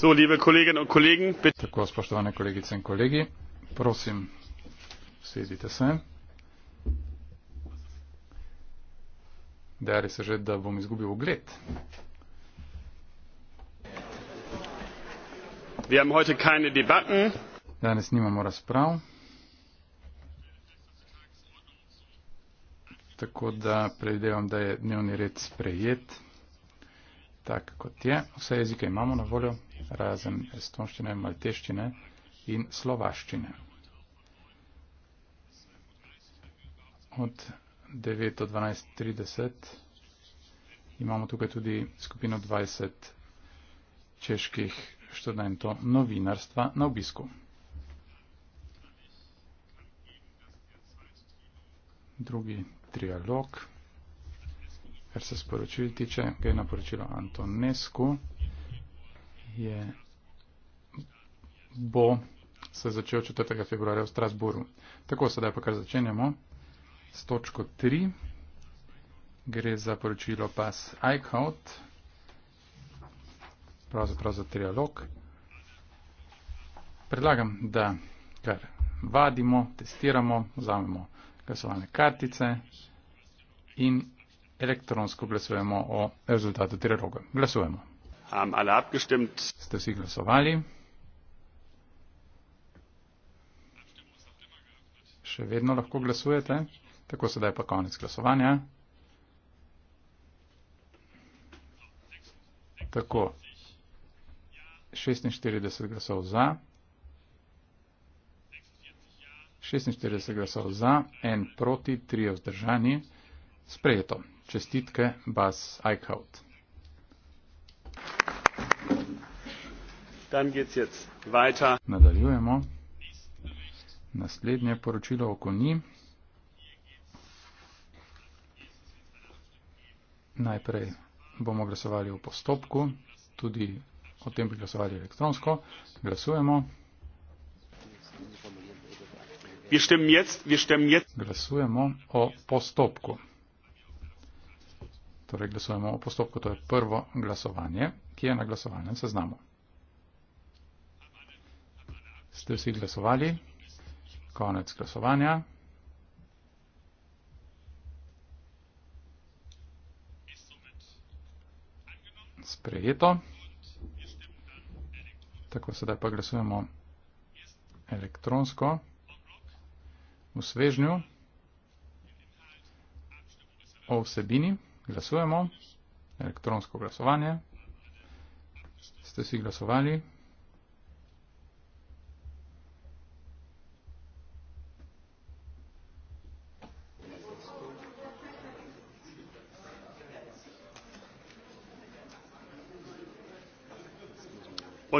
So, liebe Kolleginnen und Kollegen, bitte. Tako, spoštovane kolegice in kolegi, prosim, sedite se. Dari se že, da bom izgubil ugled. Wir haben heute keine Debatten. Danes nimamo razprav. Tako da predvidevam, da je dnevni red sprejet, tak kot je. Vse jezike imamo na voljo razen estonščine, malteščine in slovaščine. Od 9 do 12.30 imamo tukaj tudi skupino 20 čeških študentov novinarstva na obisku. Drugi trialog, kar se sporočili tiče, gre na poročilo Antonescu je, bo se začel 4. februarja v Strasburu. Tako sedaj pa kar začenjamo s točko 3. Gre za poročilo pas Eichhout, pravzaprav za trialog. Predlagam, da kar vadimo, testiramo, vzamemo glasovalne kartice in elektronsko glasujemo o rezultatu trialoga. Glasujemo. Haben alle abgestimmt? Ste vsi glasovali? Še vedno lahko glasujete, tako sedaj pa konec glasovanja. Tako, 46 glasov za, 46 glasov za, en proti, tri vzdržani, sprejeto. Čestitke, Bas Eichhout. Nadaljujemo. Naslednje poročilo oko ni. Najprej bomo glasovali v postopku, tudi o tem bi glasovali elektronsko. Glasujemo. Glasujemo o postopku. Torej glasujemo o postopku, to je prvo glasovanje, ki je na glasovanem seznamu. Ste vsi glasovali? Konec glasovanja. Sprejeto. Tako sedaj pa glasujemo elektronsko v svežnju o vsebini. Glasujemo elektronsko glasovanje. Ste si glasovali?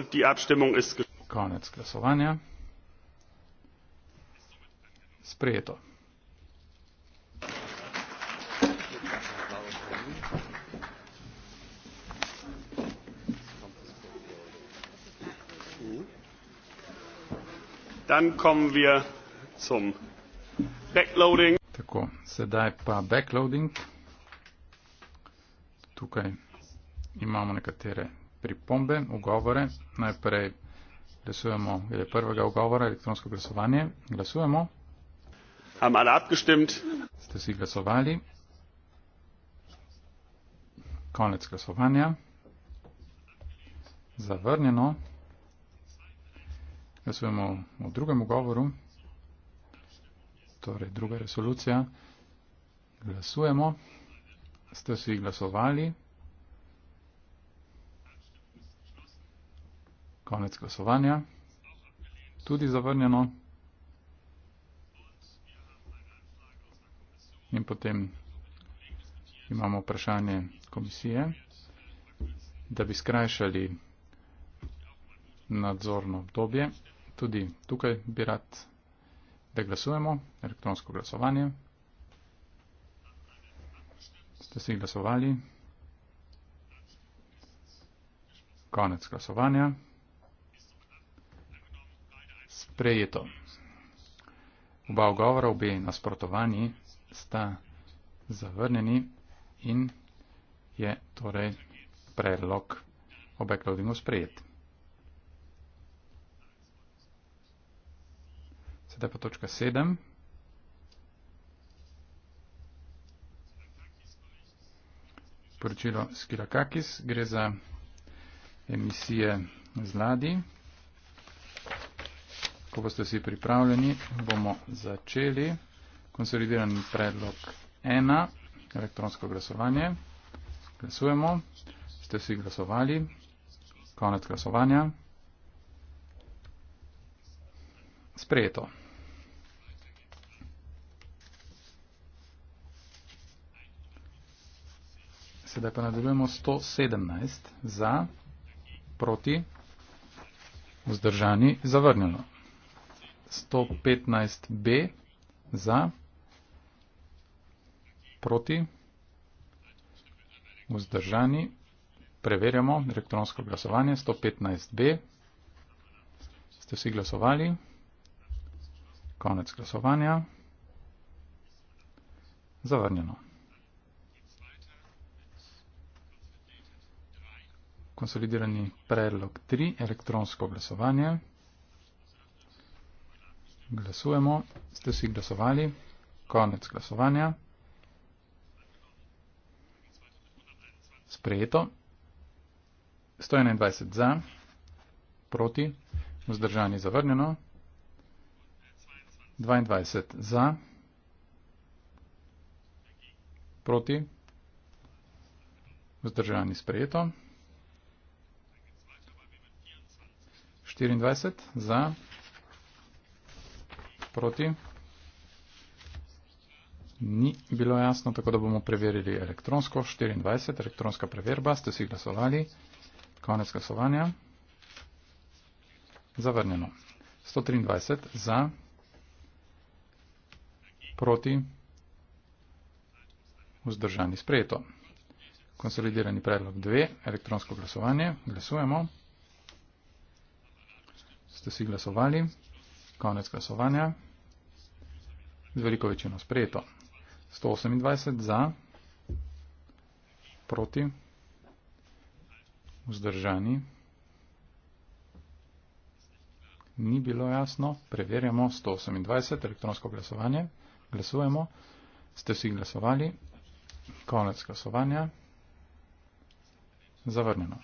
und die Abstimmung ist geschlossen. Sprejeto. Dann kommen wir zum Backloading. Tako, sedaj pa backloading. Tukaj imamo nekatere pripombe, ugovore. Najprej glasujemo, je prvega ugovora, elektronsko glasovanje. Glasujemo. Ste si glasovali? Konec glasovanja. Zavrnjeno. Glasujemo o drugem ugovoru, torej druga resolucija. Glasujemo. Ste si glasovali? Konec glasovanja. Tudi zavrnjeno. In potem imamo vprašanje komisije, da bi skrajšali nadzorno obdobje. Tudi tukaj bi rad, da glasujemo elektronsko glasovanje. Ste si glasovali? Konec glasovanja sprejeto. Oba ogovora, obe nasprotovani, sta zavrnjeni in je torej predlog o backloadingu sprejet. Sedaj pa točka 7. Poročilo Skirakakis gre za emisije z ladi. Ko boste vsi pripravljeni, bomo začeli. Konsolidiran predlog 1, elektronsko glasovanje. Glasujemo. Ste vsi glasovali? Konec glasovanja. Sprejeto. Sedaj pa nadaljujemo 117 za, proti, vzdržani, zavrnjeno. 115 B za, proti, vzdržani. Preverjamo elektronsko glasovanje. 115 B. Ste vsi glasovali? Konec glasovanja. Zavrnjeno. Konsolidirani predlog 3, elektronsko glasovanje. Glasujemo. Ste vsi glasovali? Konec glasovanja. Sprejeto. 121 za, proti, vzdržani zavrnjeno. 22 za, proti, vzdržani sprejeto. 24 za, proti proti. Ni bilo jasno, tako da bomo preverili elektronsko. 24, elektronska preverba, ste si glasovali. Konec glasovanja. Zavrnjeno. 123 za, proti, vzdržani sprejeto. Konsolidirani predlog 2, elektronsko glasovanje. Glasujemo. Ste si glasovali konec glasovanja. Z veliko večino sprejeto. 128 za, proti, vzdržani. Ni bilo jasno. Preverjamo 128 elektronsko glasovanje. Glasujemo. Ste vsi glasovali. Konec glasovanja. Zavrnjeno.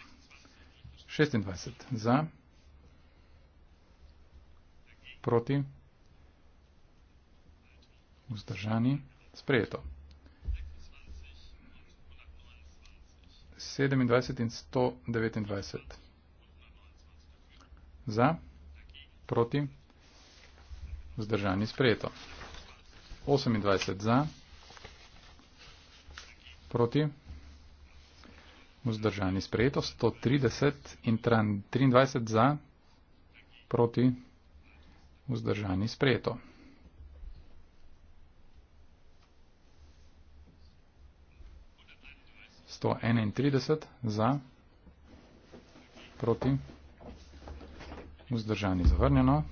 26 za proti, vzdržani, sprejeto. 27 in 129. Za, proti, vzdržani, sprejeto. 28 za, proti, vzdržani, sprejeto. 130 in 23 za, proti, vzdržani, sprejeto vzdržani sprejeto. Sto enaintrideset za, proti, vzdržani zavrnjeno.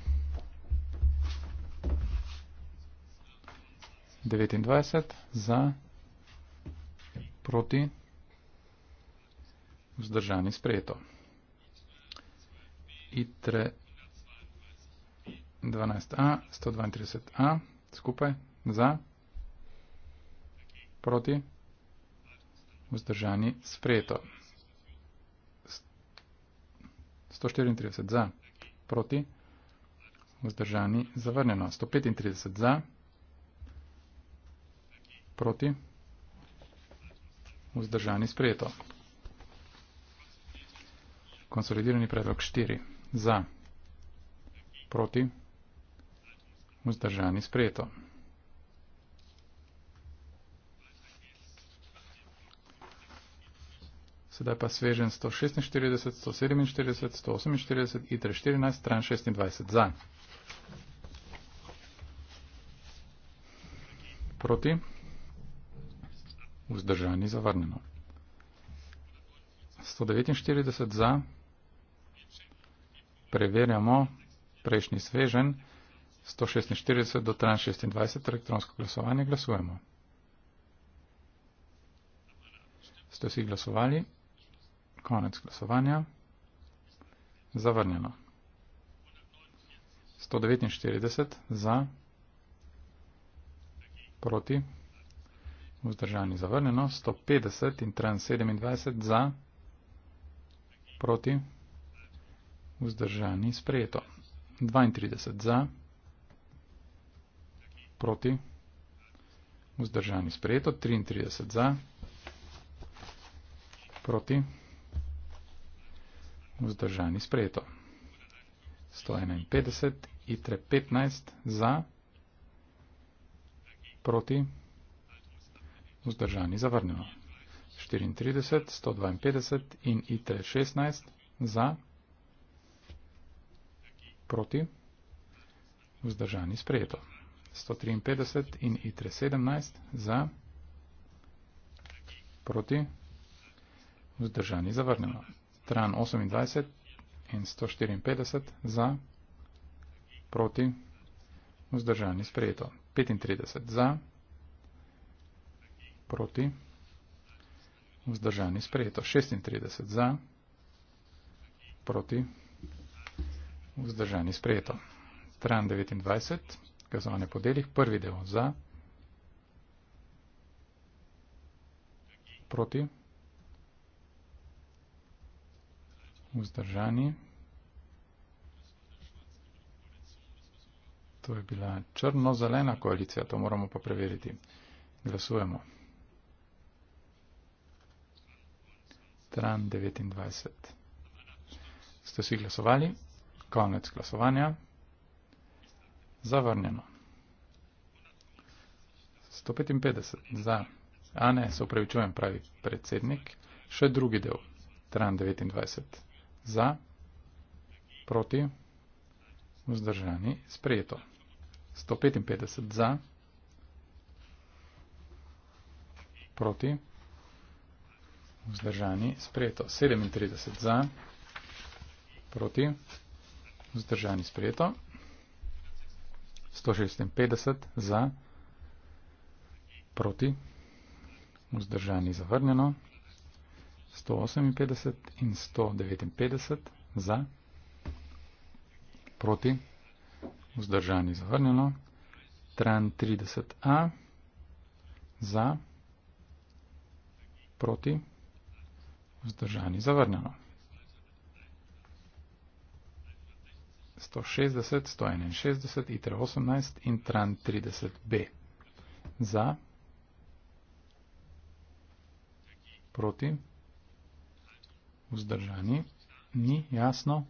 29 za, proti, vzdržani sprejeto. ITRE 112a, 132a, skupaj, za, proti, vzdržani, sprejeto. 134 za, proti, vzdržani, zavrnjeno. 135 za, proti, vzdržani, sprejeto. Konsolidirani predlog 4 za, proti, vzdržani, sprejeto vzdržani sprejeto. Sedaj pa svežen 146, 147, 148, ITRE 14, stran 26 za. Proti. Vzdržani zavrnjeno. 149 za. Preverjamo prejšnji svežen 146 do 326 elektronsko glasovanje glasujemo. Ste vsi glasovali? Konec glasovanja. Zavrnjeno. 149 za. Proti. Vzdržani zavrnjeno. 150 in 327 za. Proti. Vzdržani sprejeto. 32 za. Proti proti, vzdržani sprejeto, 33 za, proti, vzdržani sprejeto, 151, itre 15 za, proti, vzdržani zavrnjeno, 34, 152 in itre 16 za, proti, vzdržani sprejeto. 153 in ITRE 17 za, proti, vzdržani zavrnemo. TRAN 28 in 154 za, proti, vzdržani sprejeto. 35 za, proti, vzdržani sprejeto. 36 za, proti, vzdržani sprejeto. TRAN 29 in 154 za, proti, vzdržani sprejeto kazovanje po delih, prvi del za, proti, vzdržani, to je bila črno-zelena koalicija, to moramo pa preveriti, glasujemo. Tran 29. Ste si glasovali? Konec glasovanja. Zavrnjeno. 155. Za. A ne, se upravičujem, pravi predsednik. Še drugi del. Tran 29. Za. Proti. Vzdržani. Sprejeto. 155. Za. Proti. Vzdržani. Sprejeto. 37. Za. Proti. Vzdržani. Sprejeto. 156 za, proti, vzdržani zavrnjeno, 158 in 159 za, proti, vzdržani zavrnjeno, 33a za, proti, vzdržani zavrnjeno. 160, 161, ITR 18 in TRAN 30B. Za. Proti. Vzdržani. Ni jasno.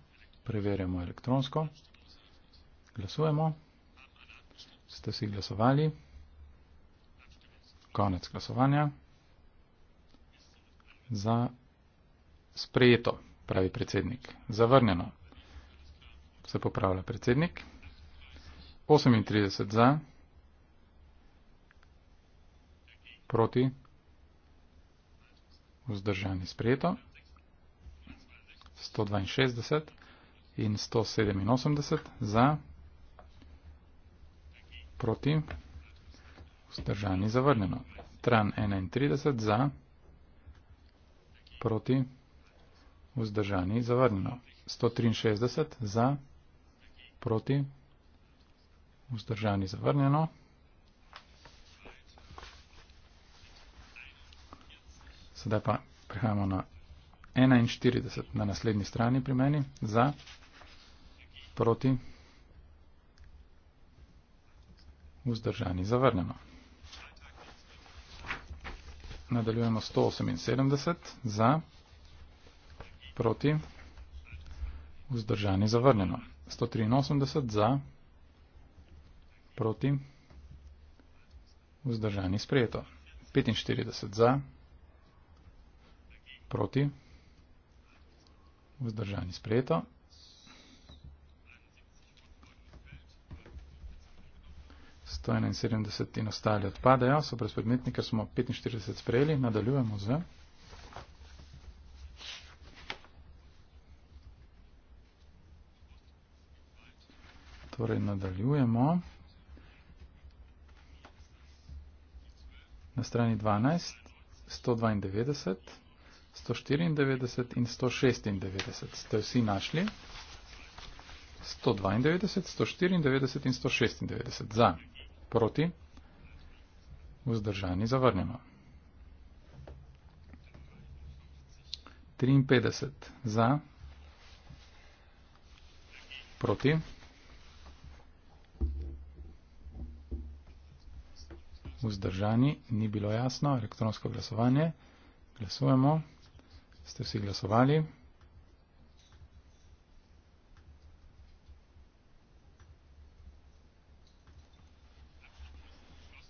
Preverjamo elektronsko. Glasujemo. Ste si glasovali. Konec glasovanja. Za sprejeto, pravi predsednik. Zavrnjeno se popravlja predsednik. 38 za, proti, vzdržani sprejeto, 162 in 187 za, proti, vzdržani zavrnjeno. Tran 31 za, proti, vzdržani zavrnjeno. 163 za, proti, vzdržani zavrnjeno proti, vzdržani zavrnjeno. Sedaj pa prihajamo na 41 na naslednji strani pri meni, za, proti, vzdržani zavrnjeno. Nadaljujemo 178, za, proti, vzdržani zavrnjeno. 183 za, proti, vzdržani sprejeto. 45 za, proti, vzdržani sprejeto. To 71 in ostali odpadejo, so brez predmetni, ker smo 45 sprejeli, nadaljujemo z torej nadaljujemo. Na strani 12, 192, 194 in 196 ste vsi našli. 192, 194 in 196 za, proti, vzdržani zavrnjeno. 53 za, proti, vzdržani zavrnjeno. vzdržani, ni bilo jasno, elektronsko glasovanje. Glasujemo. Ste vsi glasovali?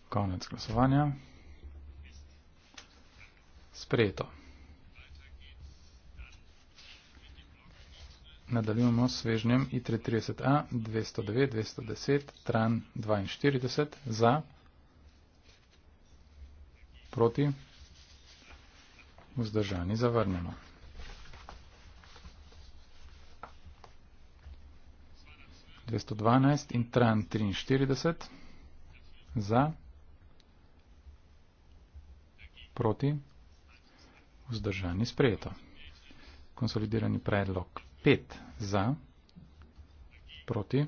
Konec glasovanja. Sprejeto. Nadaljujemo s svežnjem I330A 209-210 TRAN 42 za proti, vzdržani zavrnjeno. Dvesto dvanajst in tran triinštirideset za, proti, vzdržani sprejeto. Konsolidirani predlog pet za, proti,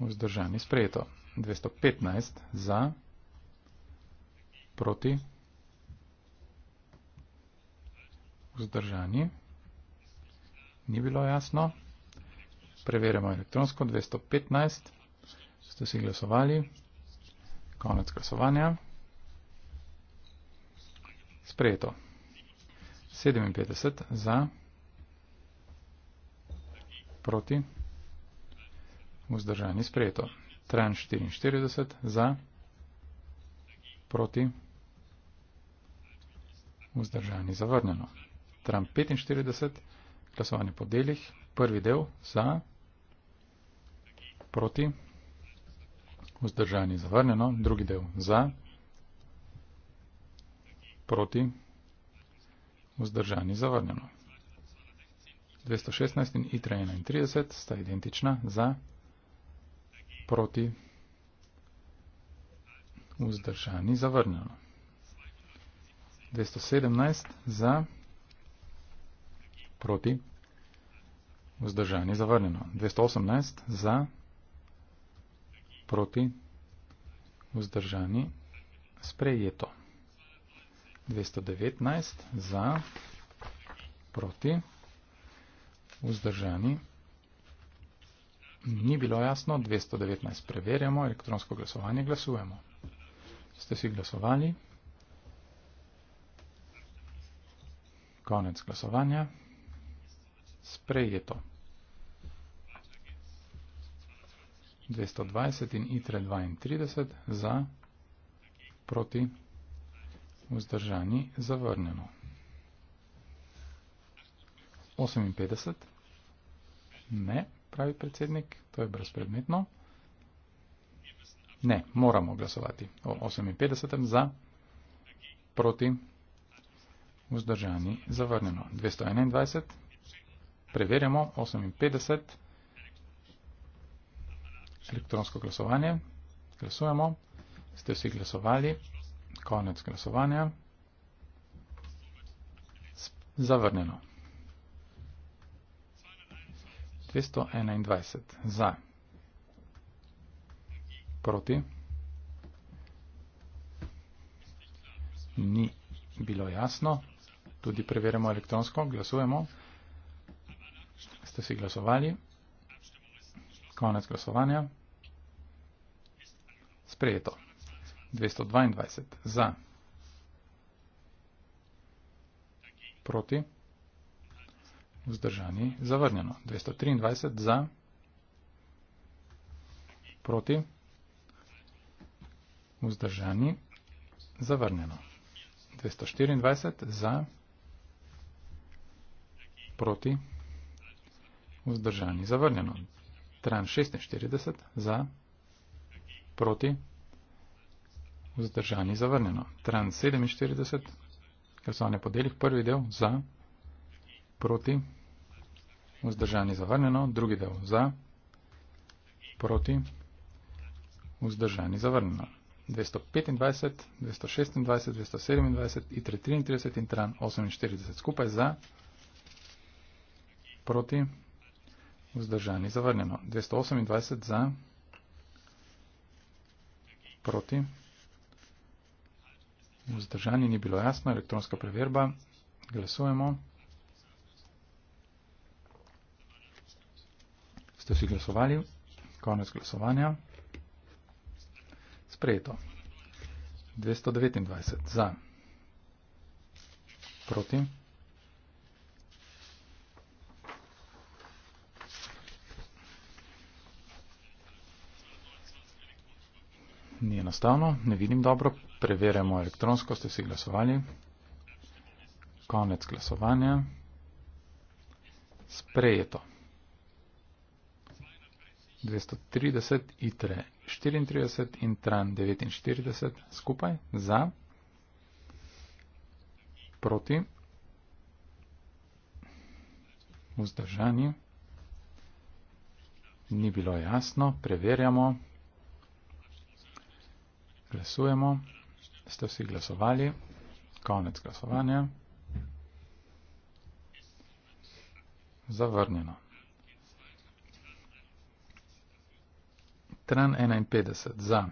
vzdržani sprejeto. Dvesto petnajst za, proti, vzdržani sprejeto proti, vzdržani, ni bilo jasno, preverjamo elektronsko, 215, ste si glasovali, konec glasovanja, sprejeto, 57 za, proti, vzdržani, sprejeto, tran 44 za, proti, proti, vzdržani zavrnjeno. Trump 45, glasovanje po delih, prvi del za, proti, vzdržani zavrnjeno, drugi del za, proti, vzdržani zavrnjeno. 216 in ITRA 31 sta identična za, proti, vzdržani zavrnjeno vzdržani zavrnjeno. 217 za proti vzdržani zavrnjeno. 218 za proti vzdržani sprejeto. 219 za proti vzdržani Ni bilo jasno, 219 preverjamo, elektronsko glasovanje glasujemo. Ste si glasovali? Konec glasovanja. Sprejeto. 220 in ITRE 32 za, proti, vzdržani, zavrnjeno. 58, ne, pravi predsednik, to je brezpredmetno. 59. Ne, moramo glasovati. O 58 za, proti, vzdržani, zavrnjeno. 221, preverjamo, 58, elektronsko glasovanje, glasujemo, ste vsi glasovali, konec glasovanja, zavrnjeno. 221 za proti. Ni bilo jasno. Tudi preverimo elektronsko. Glasujemo. Ste si glasovali? Konec glasovanja. Sprejeto. 222 za. Proti. Vzdržani. Zavrnjeno. 223 za. Proti vzdržani, zavrnjeno. 224 za, proti, vzdržani, zavrnjeno. 346 za, proti, vzdržani, zavrnjeno. 347, glasovanje po delih, prvi del za, proti, vzdržani, zavrnjeno. Drugi del za, proti, vzdržani, zavrnjeno. 225, 226, 227, ITRE 33 in TRAN 48 skupaj za, proti, vzdržani, zavrnjeno. 228 za, proti, vzdržani, ni bilo jasno, elektronska preverba, glasujemo. Ste vsi glasovali? Konec glasovanja. Sprejeto. 229 za. Proti. Ni enostavno, ne vidim dobro. Preverjamo elektronsko, ste si glasovali. Konec glasovanja. Sprejeto. 230 itre 34 in tran 49 skupaj za proti vzdržanje. Ni bilo jasno, preverjamo, glasujemo, ste vsi glasovali, konec glasovanja, zavrnjeno. Tran 51 za.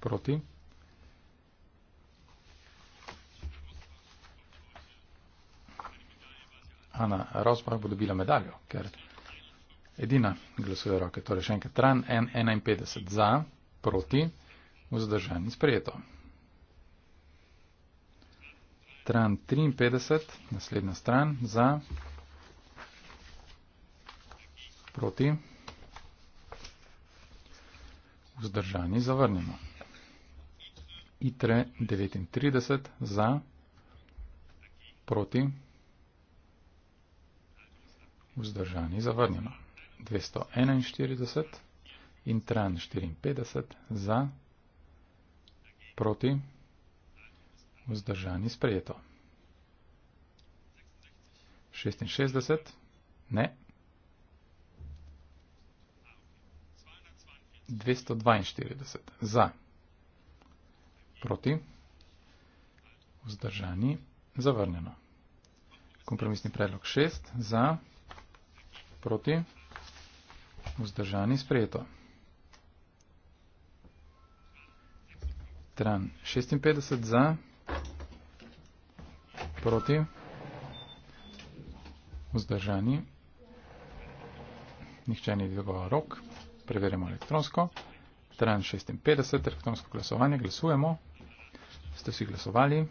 Proti. Ana Rosbach bo dobila medaljo, ker edina glasuje roke. Torej še enkrat. Tran 51 za. Proti. Vzdržan in sprejeto. Tran 53, naslednja stran, za, proti vzdržani zavrnimo. ITRE 39 za, proti, vzdržani zavrnimo. 241 in TRAN 54 za, proti, vzdržani sprejeto. 66 ne. 242 za, proti, vzdržani, zavrnjeno. Kompromisni predlog 6 za, proti, vzdržani, sprejeto. Tran 56 za, proti, vzdržani, nihče ni dvigoval rok preverjamo elektronsko. Stran 56, elektronsko glasovanje, glasujemo. Ste vsi glasovali?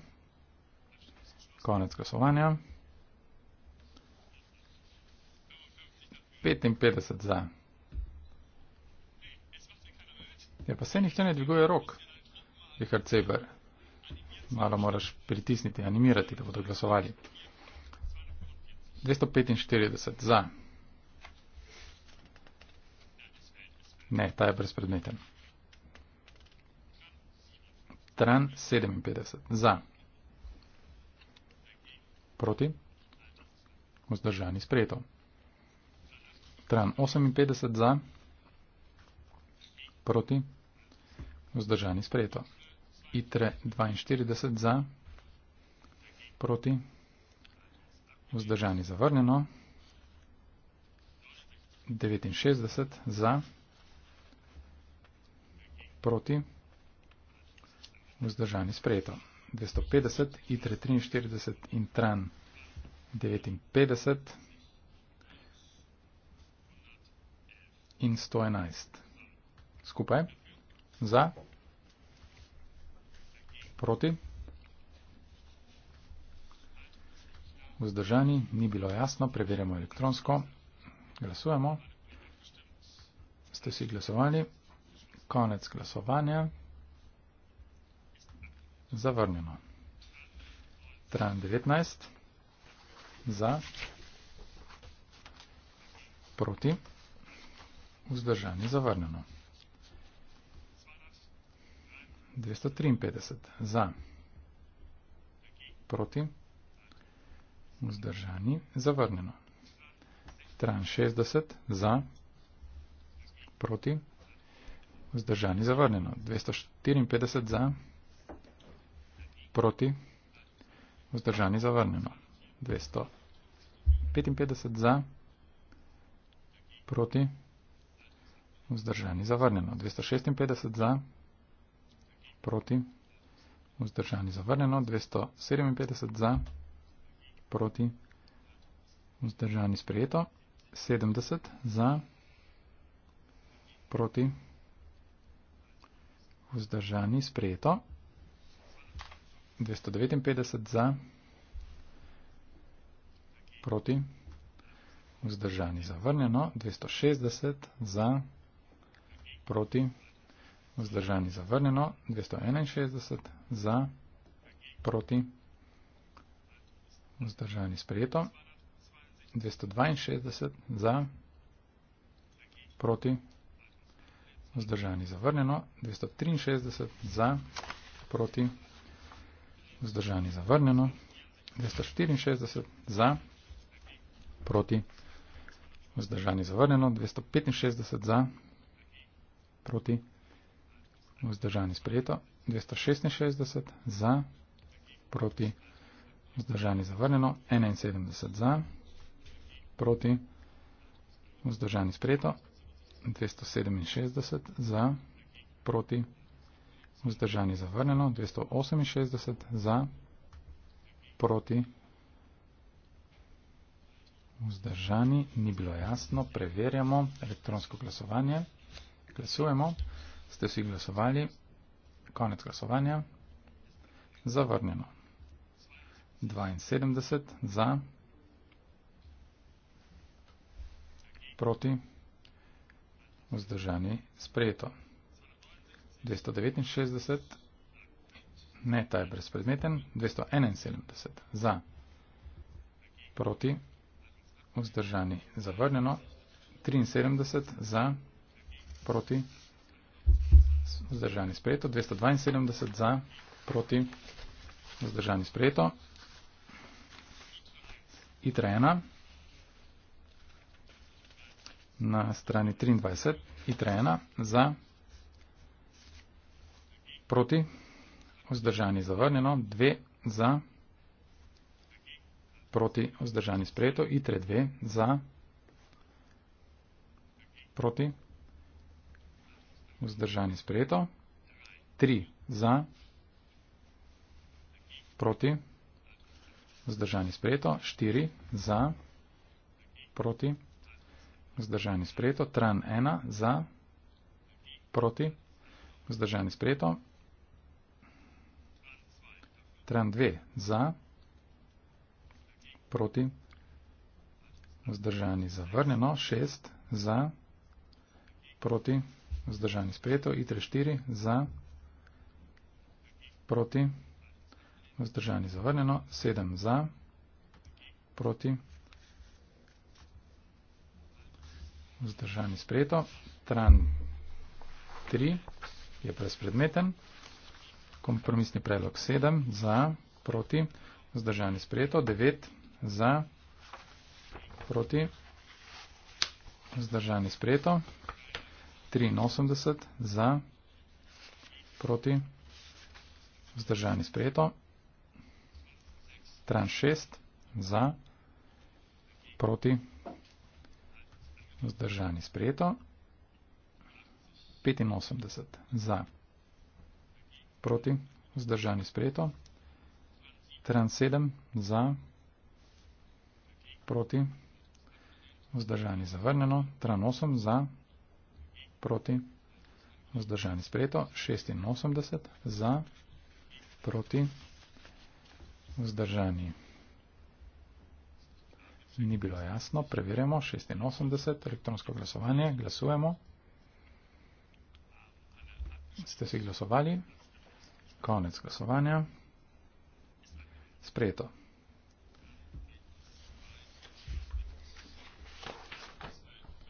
Konec glasovanja. 55 za. Ja, pa se nihče ne dviguje rok, Richard Seber. Malo moraš pritisniti, animirati, da bodo glasovali. 245 za. Ne, ta je brezpredmeten. Tran 57. Za. Proti. Vzdržani sprejeto. Tran 58. Za. Proti. Vzdržani sprejeto. Itre 42. Za. Proti. Vzdržani zavrnjeno. 69. Za. Proti proti, vzdržani sprejeto. 250, ITRE 43 in TRAN 59 in 111. Skupaj. Za. Proti. Vzdržani. Ni bilo jasno. Preverjamo elektronsko. Glasujemo. Ste si glasovali konec glasovanja. Zavrnjeno. Tran 19. Za. Proti. Vzdržanje zavrnjeno. 253. Za. Proti. Vzdržanje zavrnjeno. Tran 60. Za. Proti. Proti. Zdržani zavrnjeno. 254 za, proti, vzdržani zavrnjeno. 255 za, proti, vzdržani zavrnjeno. 256 za, proti, vzdržani zavrnjeno. 257 za, proti, vzdržani sprejeto. 70 za, proti, vzdržani zavrnjeno vzdržani, sprejeto. 259 za, proti, vzdržani, zavrnjeno. 260 za, proti, vzdržani, zavrnjeno. 261 za, proti, vzdržani, sprejeto. 262 za, proti, vzdržani, zavrnjeno vzdržani zavrnjeno, 263 za, proti, vzdržani zavrnjeno, 264 za, proti, vzdržani zavrnjeno, 265 za, proti, vzdržani sprejeto, 266 za, proti, vzdržani zavrnjeno, 71 za, proti, vzdržani sprejeto, 267 za, proti, vzdržan je zavrnjeno, 268 za, proti, vzdržani, ni bilo jasno, preverjamo elektronsko glasovanje, glasujemo, ste vsi glasovali, konec glasovanja, zavrnjeno, 72 za, proti, vzdržani, vzdržani sprejeto. 269, ne, ta je brezpredmeten, 271, za, proti, vzdržani zavrnjeno, 73, za, proti, vzdržani sprejeto, 272, za, proti, vzdržani sprejeto, itra 1, na strani 23 hitra 1 za proti vzdržani zavrnjeno, 2 za proti vzdržani sprejeto, hitre 2 za proti vzdržani sprejeto, 3 za proti vzdržani sprejeto, 4 za proti vzdržani sprejeto, Zdržani sprejeto. Tran 1 za. Proti. Zdržani sprejeto. Tran 2 za. Proti. Zdržani zavrnjeno. 6 za. Proti. Zdržani sprejeto. ITRE 4 za. Proti. Zdržani zavrnjeno. 7 za. Proti. Proti. zdržani spreto. Tran 3 je brezpredmeten. Kompromisni predlog 7 za, proti, zdržani spreto. 9 za, proti, zdržani spreto. 83 za, proti, zdržani spreto. Tran 6 za, proti, zdržani spreto. Vzdržani sprejeto. 85 za. Proti. Vzdržani sprejeto. Trans 7 za. Proti. Vzdržani zavrneno. Trans 8 za. Proti. Vzdržani sprejeto. 86 za. Proti. Vzdržani sprejeto. Ni bilo jasno, preverjamo, 86, elektronsko glasovanje, glasujemo. Ste si glasovali, konec glasovanja, sprejeto.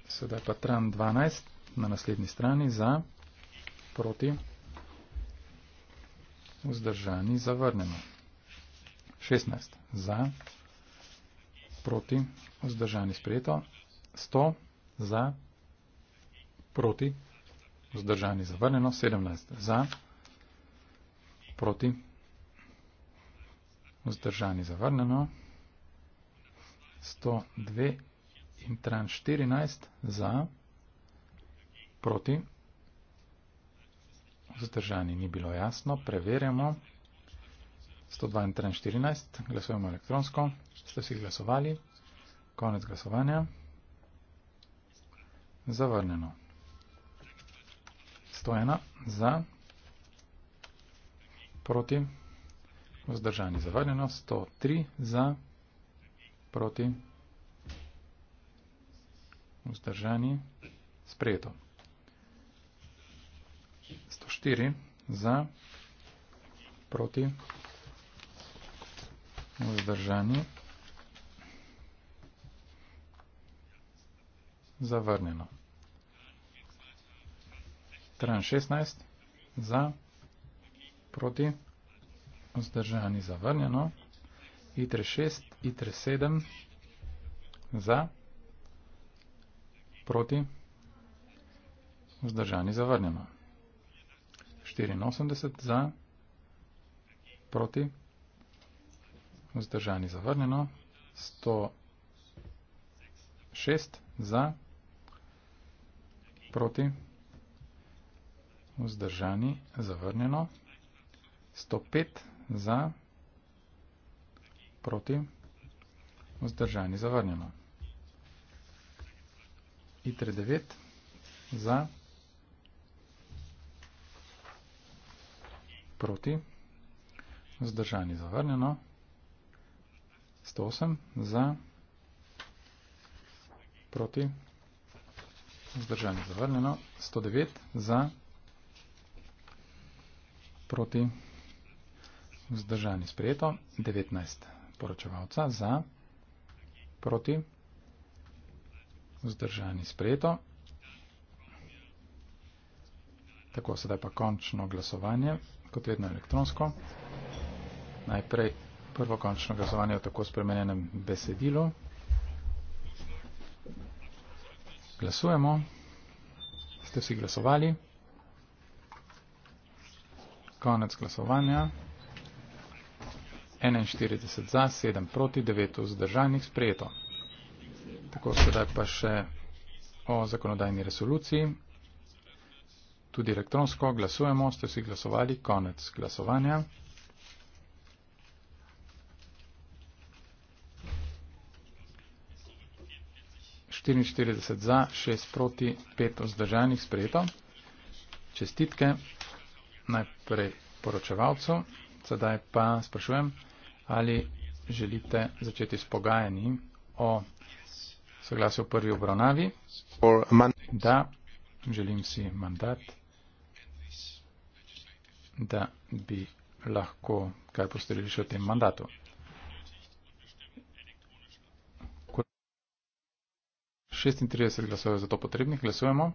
Sedaj pa tram 12 na naslednji strani za, proti, vzdržani, zavrnemo. 16 za, proti, vzdržani sprejeto, 100 za, proti, vzdržani zavrnjeno, 17 za, proti, vzdržani zavrnjeno, 102 in tran 14 za, proti, vzdržani ni bilo jasno, preverjamo, 14, glasujemo elektronsko, ste si glasovali, konec glasovanja, zavrnjeno. 101 za, proti, vzdržani zavrnjeno, 103 za, proti, vzdržani, sprejeto. 104 za, proti, vzdržani. Vzdržani. Zavrnjeno. Tran 16. Za. Proti. Vzdržani. Zavrnjeno. Itre 6. Itre 7. Za. Proti. Vzdržani. Zavrnjeno. 84. Za. Proti. Proti vzdržani zavrnjeno, 106 za, proti, vzdržani zavrnjeno, 105 za, proti, vzdržani zavrnjeno. ITRE 9 za, proti, vzdržani zavrnjeno, 107 za, proti, 108 za proti zdržanje zavrneno 109 za proti vzdržanje sprejeto 19 poročevalca za proti vzdržanje sprejeto tako sedaj pa končno glasovanje kot vedno elektronsko najprej prvo končno glasovanje o tako spremenjenem besedilu. Glasujemo. Ste vsi glasovali? Konec glasovanja. 41 za, 7 proti, 9 vzdržanih sprejeto. Tako sedaj pa še o zakonodajni resoluciji. Tudi elektronsko glasujemo, ste vsi glasovali, konec glasovanja. 44 za, 6 proti, 5 vzdržanih sprejeto. Čestitke najprej poročevalcu, sedaj pa sprašujem, ali želite začeti s pogajanji o soglasju v prvi obravnavi. Da, želim si mandat, da bi lahko kaj postorili še v tem mandatu. 36 glasov je za to potrebnih, glasujemo.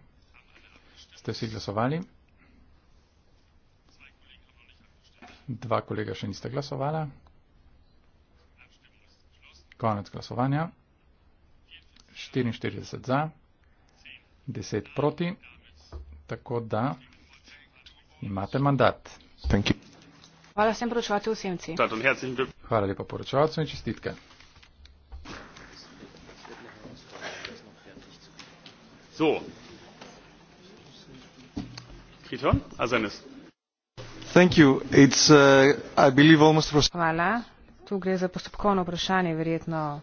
Ste vsi glasovali? Dva kolega še niste glasovala. Konec glasovanja. 44 za, 10 proti, tako da imate mandat. Hvala vsem poročevalcem v Semci. Hvala lepa poročevalcem in čestitke. Uh, tu gre za postopkovno vprašanje verjetno.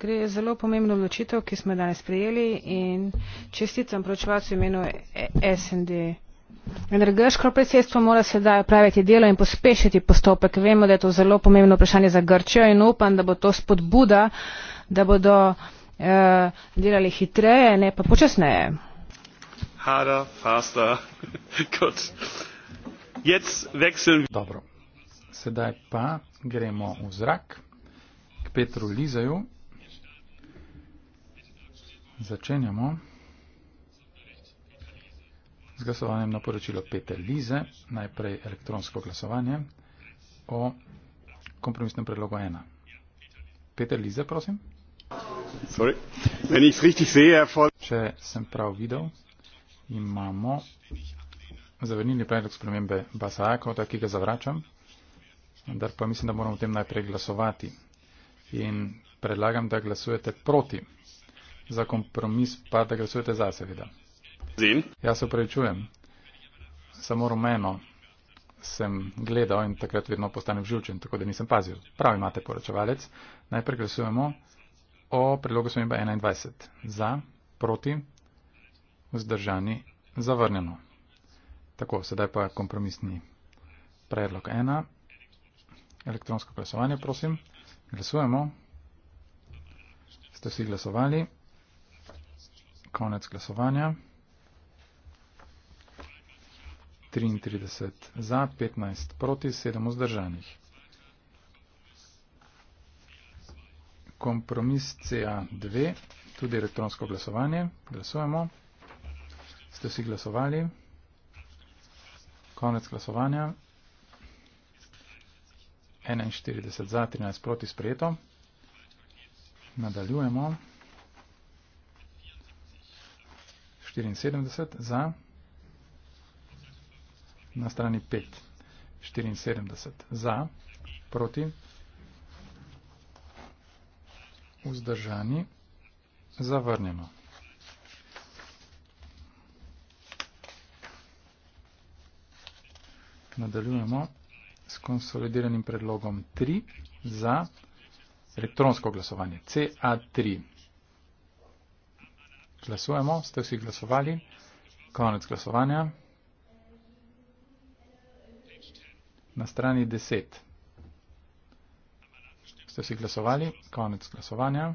Gre za zelo pomembno odločitev, ki smo danes prijeli in čestitam pročevalcu imenu SND. Vendar grško predsedstvo mora sedaj opraviti delo in pospešiti postopek. Vemo, da je to zelo pomembno vprašanje za Grčijo in upam, da bo to spodbuda, da bodo. Eh, delali hitreje ne pa počasneje. Dobro, sedaj pa gremo v zrak k Petru Lizaju. Začenjamo z glasovanjem na poročilo Peter Lize, najprej elektronsko glasovanje o kompromisnem predlogu 1. Peter Lize, prosim. Če sem prav videl, imamo zavrnili predlog spremembe Basajakota, ki ga zavračam, vendar pa mislim, da moramo o tem najprej glasovati. In predlagam, da glasujete proti. Za kompromis pa, da glasujete za, seveda. Zim. Ja se upravičujem. Samo rumeno sem gledal in takrat vedno postanem živčen, tako da nisem pazil. Prav imate poročevalec. Najprej glasujemo o predlogu spremembe 21. Za, proti, vzdržani, zavrnjeno. Tako, sedaj pa kompromisni predlog 1. Elektronsko glasovanje, prosim. Glasujemo. Ste vsi glasovali? Konec glasovanja. 33 za, 15 proti, 7 vzdržanih. kompromis CA2, tudi elektronsko glasovanje. Glasujemo. Ste vsi glasovali? Konec glasovanja. 41 za, 13 proti sprejeto. Nadaljujemo. 74 za. Na strani 5. 74 za, proti vzdržani, zavrnjeno. Nadaljujemo s konsolidiranim predlogom 3 za elektronsko glasovanje, CA3. Glasujemo, ste vsi glasovali, konec glasovanja na strani 10. Ste vsi glasovali? Konec glasovanja.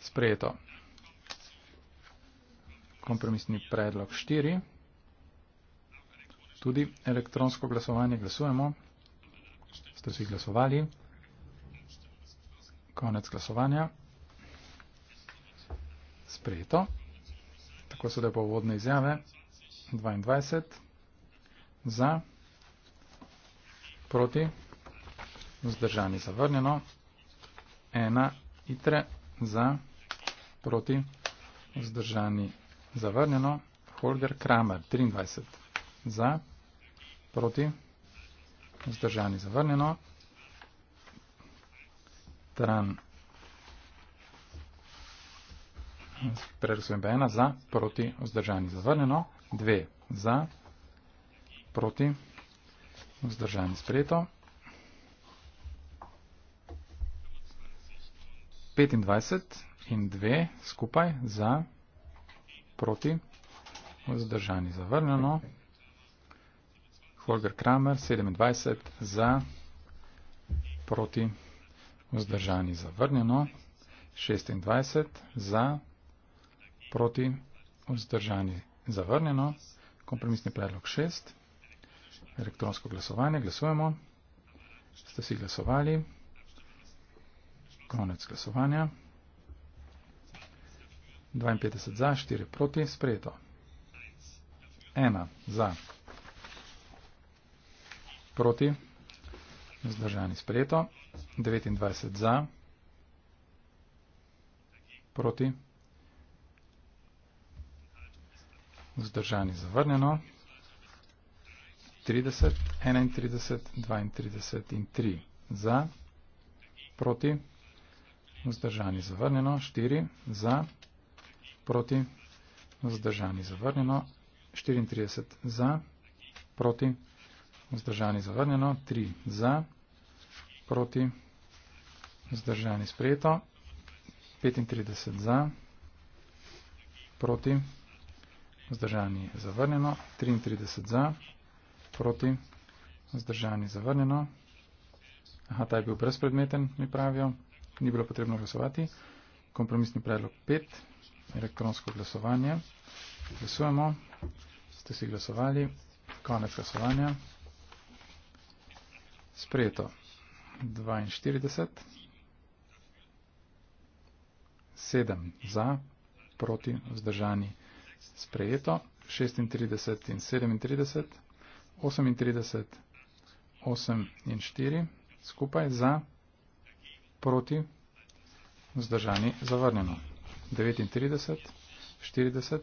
Sprejeto. Kompromisni predlog 4. Tudi elektronsko glasovanje glasujemo. Ste vsi glasovali? Konec glasovanja. Sprejeto. Tako so lepo vodne izjave. 22. Za. Proti vzdržani zavrnjeno, ena itre za proti vzdržani zavrnjeno, Holger Kramer 23 za proti vzdržani zavrnjeno, Tran prerusujem ena za proti vzdržani zavrnjeno, dve za proti vzdržani sprejeto, 25 in 2 skupaj za proti vzdržani zavrnjeno. Holger Kramer 27 za proti vzdržani zavrnjeno. 26 za proti vzdržani zavrnjeno. Kompromisni predlog 6. Elektronsko glasovanje. Glasujemo. Ste si glasovali? Glasovali. Konec glasovanja. 52 za, 4 proti, sprejeto. 1 za, proti, zdržani sprejeto. 29 za, proti, zdržani zavrnjeno. 30, 31, 32 in 3 za, proti vzdržani zavrnjeno, 4 za, proti, vzdržani zavrnjeno, 34 za, proti, vzdržani zavrnjeno, 3 za, proti, vzdržani sprejeto, 35 za, proti, vzdržani zavrnjeno, 33 za, proti, vzdržani zavrnjeno, aha, ta je bil brezpredmeten, mi pravijo, ni bilo potrebno glasovati. Kompromisni predlog 5, elektronsko glasovanje. Glasujemo, ste si glasovali, konec glasovanja. Sprejeto 42, 7 za, proti vzdržani sprejeto, 36 in 37, 38, 8 in 4 skupaj za proti, zdržani, zavrnjeno. 39, 40.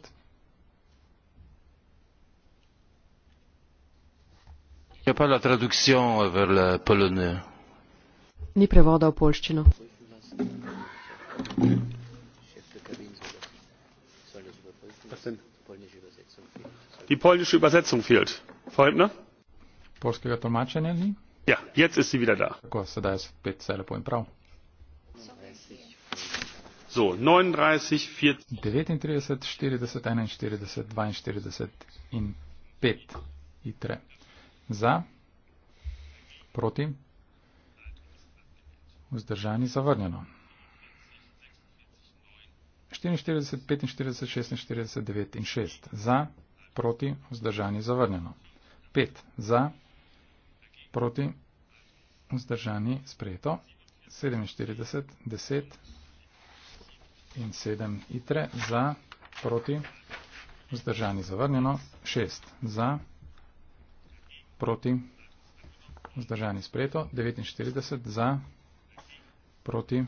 Je pa la traduction vers le polonais. Ni prevoda v polščino. Die polnische Übersetzung fehlt. Vorhin, ne? Polskega tolmačenja ni. Ja, jetzt ist sie wieder da. Tako, sedaj je spet vse lepo in prav. So, 39, 40. 39, 40, 41, 42 in 5. Itre. Za, proti, vzdržani, zavrnjeno. 44, 45, 46, 9 in 6. Za, proti, vzdržani, zavrnjeno. 5. Za, proti, vzdržani, sprejeto. 47, 10 in 7 itre za, proti, vzdržani zavrnjeno, 6 za, proti, vzdržani sprejeto, 49 za, proti,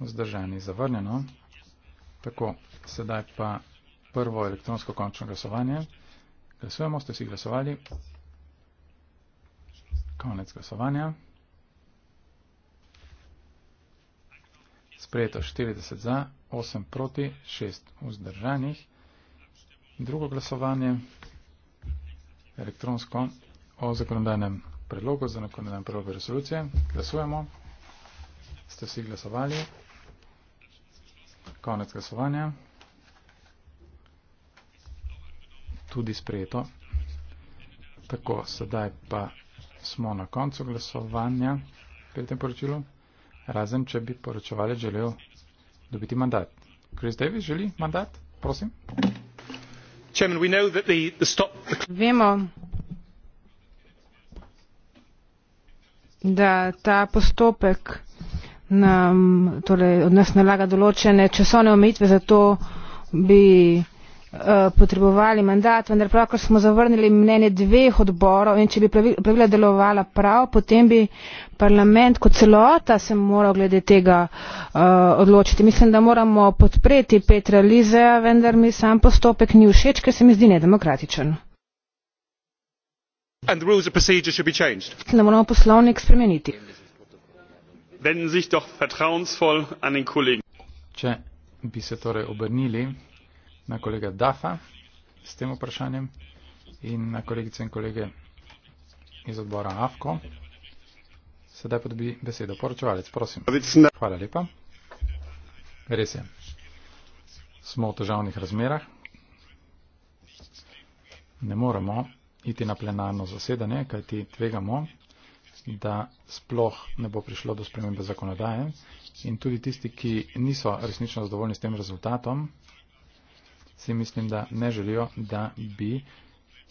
vzdržani zavrnjeno. Tako, sedaj pa prvo elektronsko končno glasovanje. Glasujemo, ste si glasovali. Konec glasovanja. sprejeto 40 za, 8 proti, 6 vzdržanih. Drugo glasovanje elektronsko o zakonodajnem predlogu za zakonodajnem predlogu resolucije. Glasujemo. Ste vsi glasovali. Konec glasovanja. Tudi sprejeto. Tako, sedaj pa smo na koncu glasovanja pri tem poročilu razen če bi poročevalec želel dobiti mandat. Chris Davis želi mandat, prosim. Chairman, we know that the, the stop... Vemo, da ta postopek nam, torej, od nas nalaga določene časovne omejitve, zato bi Eh, potrebovali mandat, vendar pravkar smo zavrnili mnenje dveh odborov in če bi pravila delovala prav, potem bi parlament kot celota se moral glede tega uh, odločiti. Mislim, da moramo podpreti Petra Lizeja, vendar mi sam postopek ni všeč, ker se mi zdi nedemokratičen. Da moramo poslovnik spremeniti. Če bi se torej obrnili na kolega Dafa s tem vprašanjem in na kolegice in kolege iz odbora AFKO. Sedaj pa dobi besedo poročevalec, prosim. Hvala lepa. Res je. Smo v težavnih razmerah. Ne moremo iti na plenarno zasedanje, kajti tvegamo, da sploh ne bo prišlo do spremembe zakonodaje in tudi tisti, ki niso resnično zadovoljni s tem rezultatom, si mislim, da ne želijo, da bi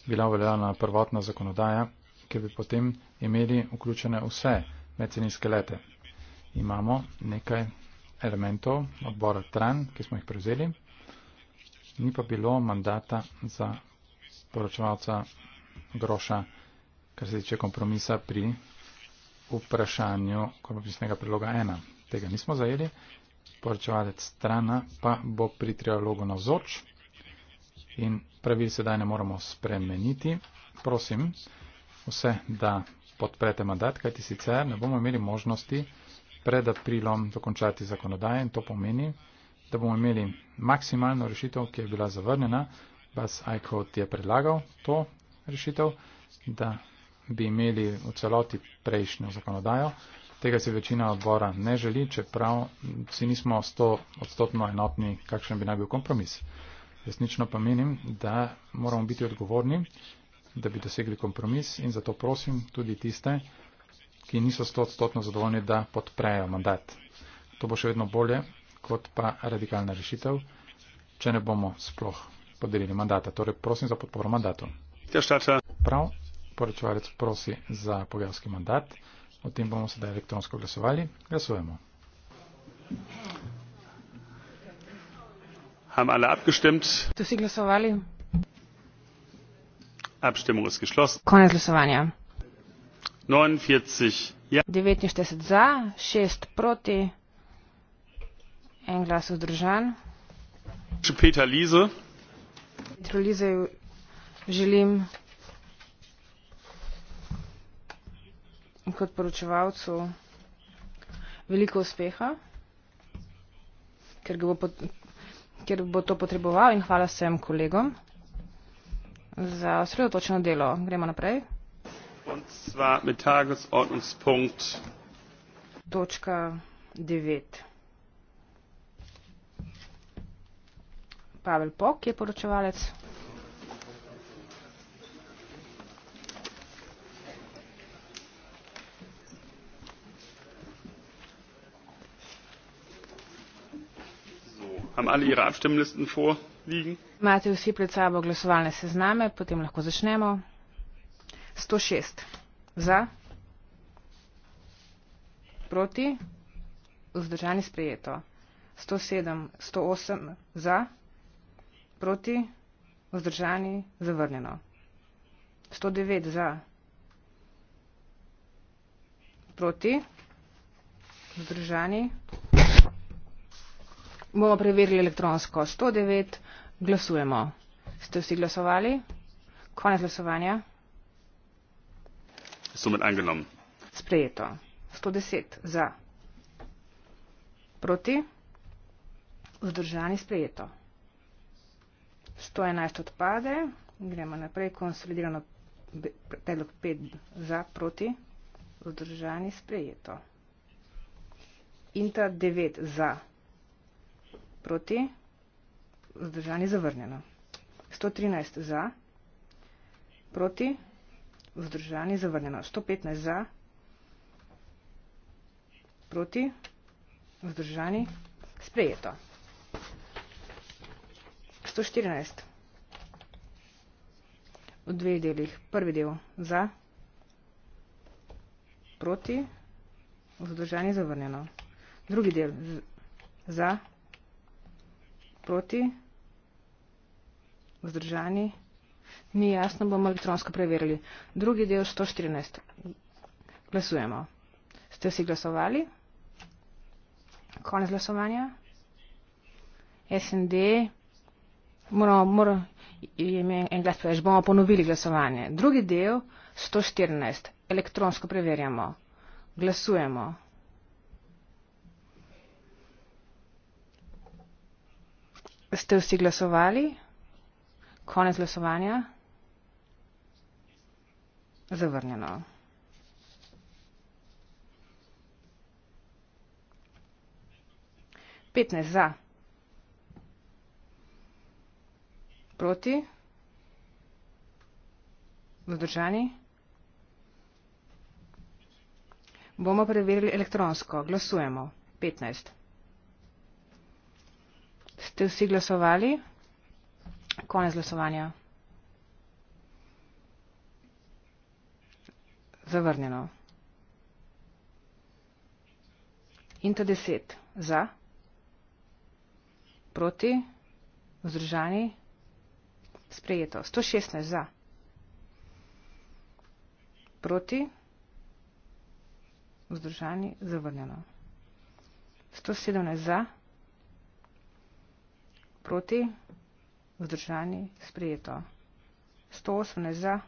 bila uveljavljena prvotna zakonodaja, ki bi potem imeli vključene vse medcenijske lete. Imamo nekaj elementov odbora TRAN, ki smo jih prevzeli, ni pa bilo mandata za poročevalca groša, kar se tiče kompromisa pri vprašanju kompromisnega priloga 1. Tega nismo zajeli, poročevalec strana pa bo pri trialogu na vzoč in pravil sedaj ne moremo spremeniti. Prosim vse, da podprete mandat, kajti sicer ne bomo imeli možnosti pred aprilom dokončati zakonodaje in to pomeni, da bomo imeli maksimalno rešitev, ki je bila zavrnjena, vas iCode je predlagal to rešitev, da bi imeli v celoti prejšnjo zakonodajo. Tega si večina odbora ne želi, čeprav si nismo 100 odstotno enotni, kakšen bi naj bil kompromis resnično pa menim, da moramo biti odgovorni, da bi dosegli kompromis in zato prosim tudi tiste, ki niso stotno zadovoljni, da podprejo mandat. To bo še vedno bolje kot pa radikalna rešitev, če ne bomo sploh podelili mandata. Torej prosim za podporo mandatu. Prav, poročevalec prosi za pogajalski mandat. O tem bomo sedaj elektronsko glasovali. Glasujemo haben alle abgestimmt. Abstimmung ist geschlossen. Konec glasovanja. 49 ja. 49 za, 6 proti. En glas vzdržan. Peter Liese. Petru Liese želim kot poročevalcu veliko uspeha, ker ga bo ker bo to potreboval in hvala vsem kolegom za osredotočeno delo. Gremo naprej. Točka 9. Pavel Pok je poročevalec. haben alle ihre Abstimmlisten vorliegen? Imate vsi pred sabo glasovalne sezname, potem lahko začnemo. 106 za, proti, vzdržani sprejeto. 107, 108 za, proti, vzdržani, zavrnjeno. 109 za, proti, vzdržani, bomo preverili elektronsko. 109 glasujemo. Ste vsi glasovali? Konec glasovanja. Sumen Angelom. Sprejeto. 110 za. Proti. Vzdržani sprejeto. 111 odpade. Gremo naprej. Konsolidirano predlog 5 za. Proti. Vzdržani sprejeto. Inta 9 za proti, vzdržani zavrnjeno. 113 za, proti, vzdržani zavrnjeno. 115 za, proti, vzdržani sprejeto. 114 v dveh delih. Prvi del za, proti, vzdržani zavrnjeno. Drugi del za, proti, vzdržani zavrnjeno proti, vzdržani, ni jasno, bomo elektronsko preverili. Drugi del 114. Glasujemo. Ste vsi glasovali? Konec glasovanja? SND? Moramo, moramo, en glas preveč, bomo ponovili glasovanje. Drugi del 114. Elektronsko preverjamo. Glasujemo. Ste vsi glasovali? Konec glasovanja? Zavrnjeno. Petnajst za. Proti? Vzdržani? Bomo preverili elektronsko. Glasujemo. Petnajst. Ste vsi glasovali? Konec glasovanja. Zavrnjeno. Inta deset. Za. Proti. Vzdržani. Sprejeto. 116 za. Proti. Vzdržani. Zavrnjeno. 117 za proti, vzdržani, sprejeto. 118 za,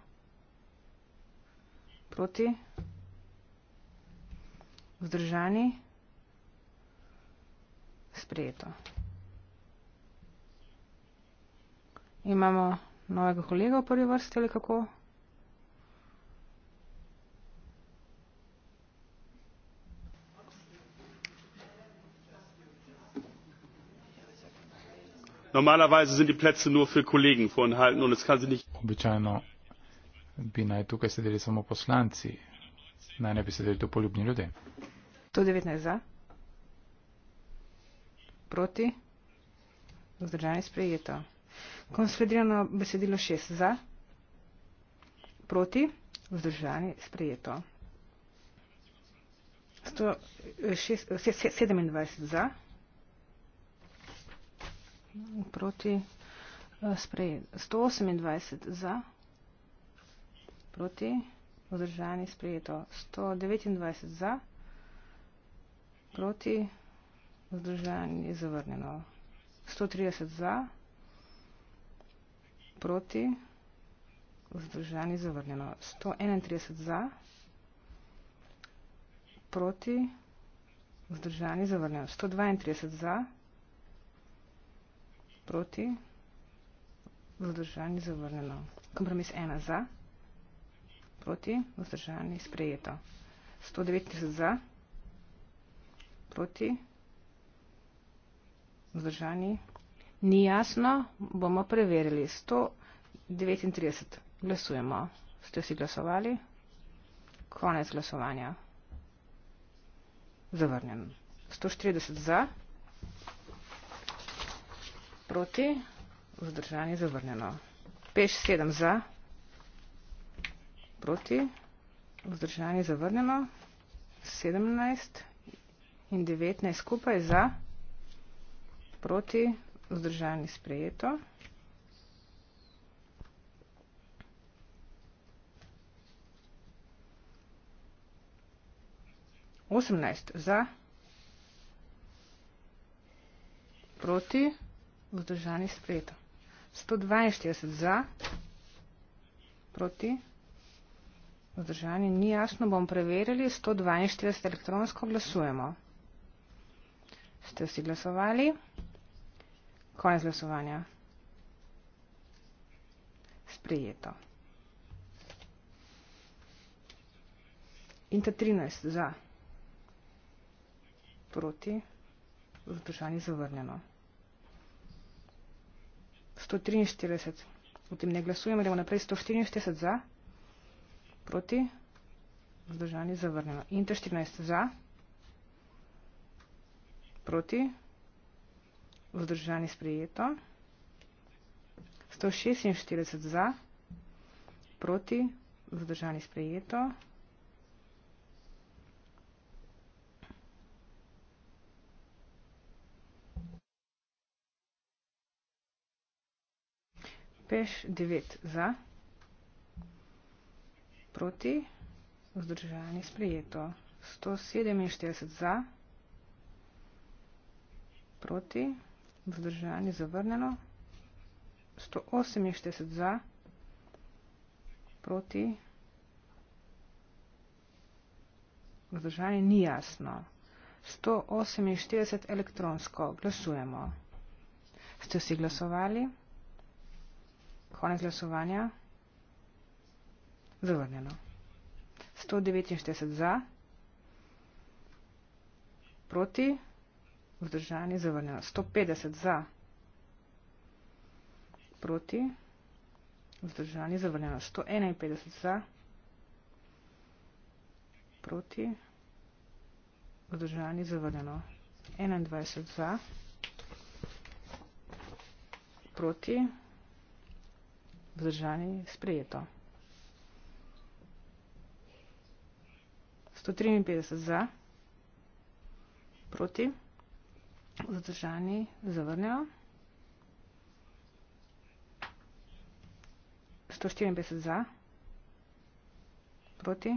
proti, vzdržani, sprejeto. Imamo novega kolega v prvi vrsti ali kako? normalerweise sind die plätze nur für kollegen vorenthalten und es kann sie nicht. običajno bi naj tukaj sedeli samo poslanci naj ne bi sedeli tu poljubni ljudje. sto devetnajst za proti vzdržan je sprejeto konsolidirano besedilo šest za proti vzdržan je sprejeto. sto sedemindvajset za proti eh, sprej 128 za, proti vzdržani sprejeto 129 za, proti vzdržani zavrnjeno 130 za, proti vzdržani zavrnjeno 131 za, proti vzdržani zavrnjeno 132 za, proti vzdržani zavrnjeno 132 za, proti, vzdržani, zavrnjeno. Kompromis 1 za, proti, vzdržani, sprejeto. 139 za, proti, vzdržani, ni jasno, bomo preverili. 139 glasujemo. Ste vsi glasovali? Konec glasovanja. Zavrnjen. 140 za proti, vzdržani zavrnjeno. Peš 7 za, proti, vzdržani zavrnjeno. 17 in 19 skupaj za, proti, vzdržani sprejeto. Osemnajst za, proti, vzdržani sprejeto vzdržani svetu. 142 za, proti, vzdržani ni jasno, bom preverili, 142 elektronsko glasujemo. Ste vsi glasovali? Konec glasovanja. Sprejeto. In ta 13 za, proti, vzdržani zavrnjeno. 143. O tem ne glasujem, gremo naprej 144 za, proti, vzdržani zavrnjeno. Inter 14 za, proti, vzdržani sprejeto. 146 za, proti, vzdržani sprejeto. Peš 9 za, proti, vzdržanje sprejeto. 147 za, proti, vzdržanje zavrneno. 148 za, proti, vzdržanje ni jasno. 148 elektronsko, glasujemo. Ste vsi glasovali? 148. Konec glasovanja. Zavrnjeno. 149 za, proti, vzdržani, zavrnjeno. 150 za, proti, vzdržani, zavrnjeno. 151 za, proti, vzdržani, zavrnjeno. 21 za, proti, vzdržani, zavrnjeno vzdržani sprejeto. 153 za, proti, vzdržani zavrnjeno. 154 za, proti,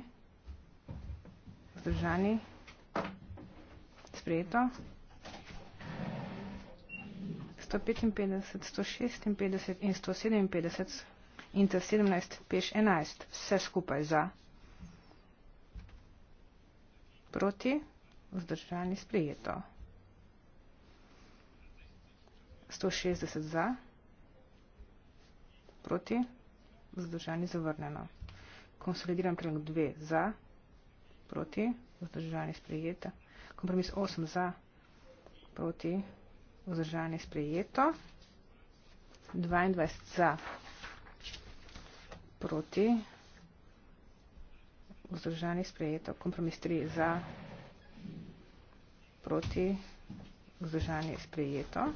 vzdržani sprejeto. 155, 156 in 157 in 117 11. Vse skupaj za. Proti. Vzdržani sprijeto. 160 za. Proti. Vzdržani zavrnjeno. Konsolidiran predlog 2 za. Proti. Vzdržani sprijeto. Kompromis 8 za. Proti vzdržanje sprejeto. 22 za proti. Vzdržanje sprejeto. Kompromis 3 za proti. Vzdržanje sprejeto.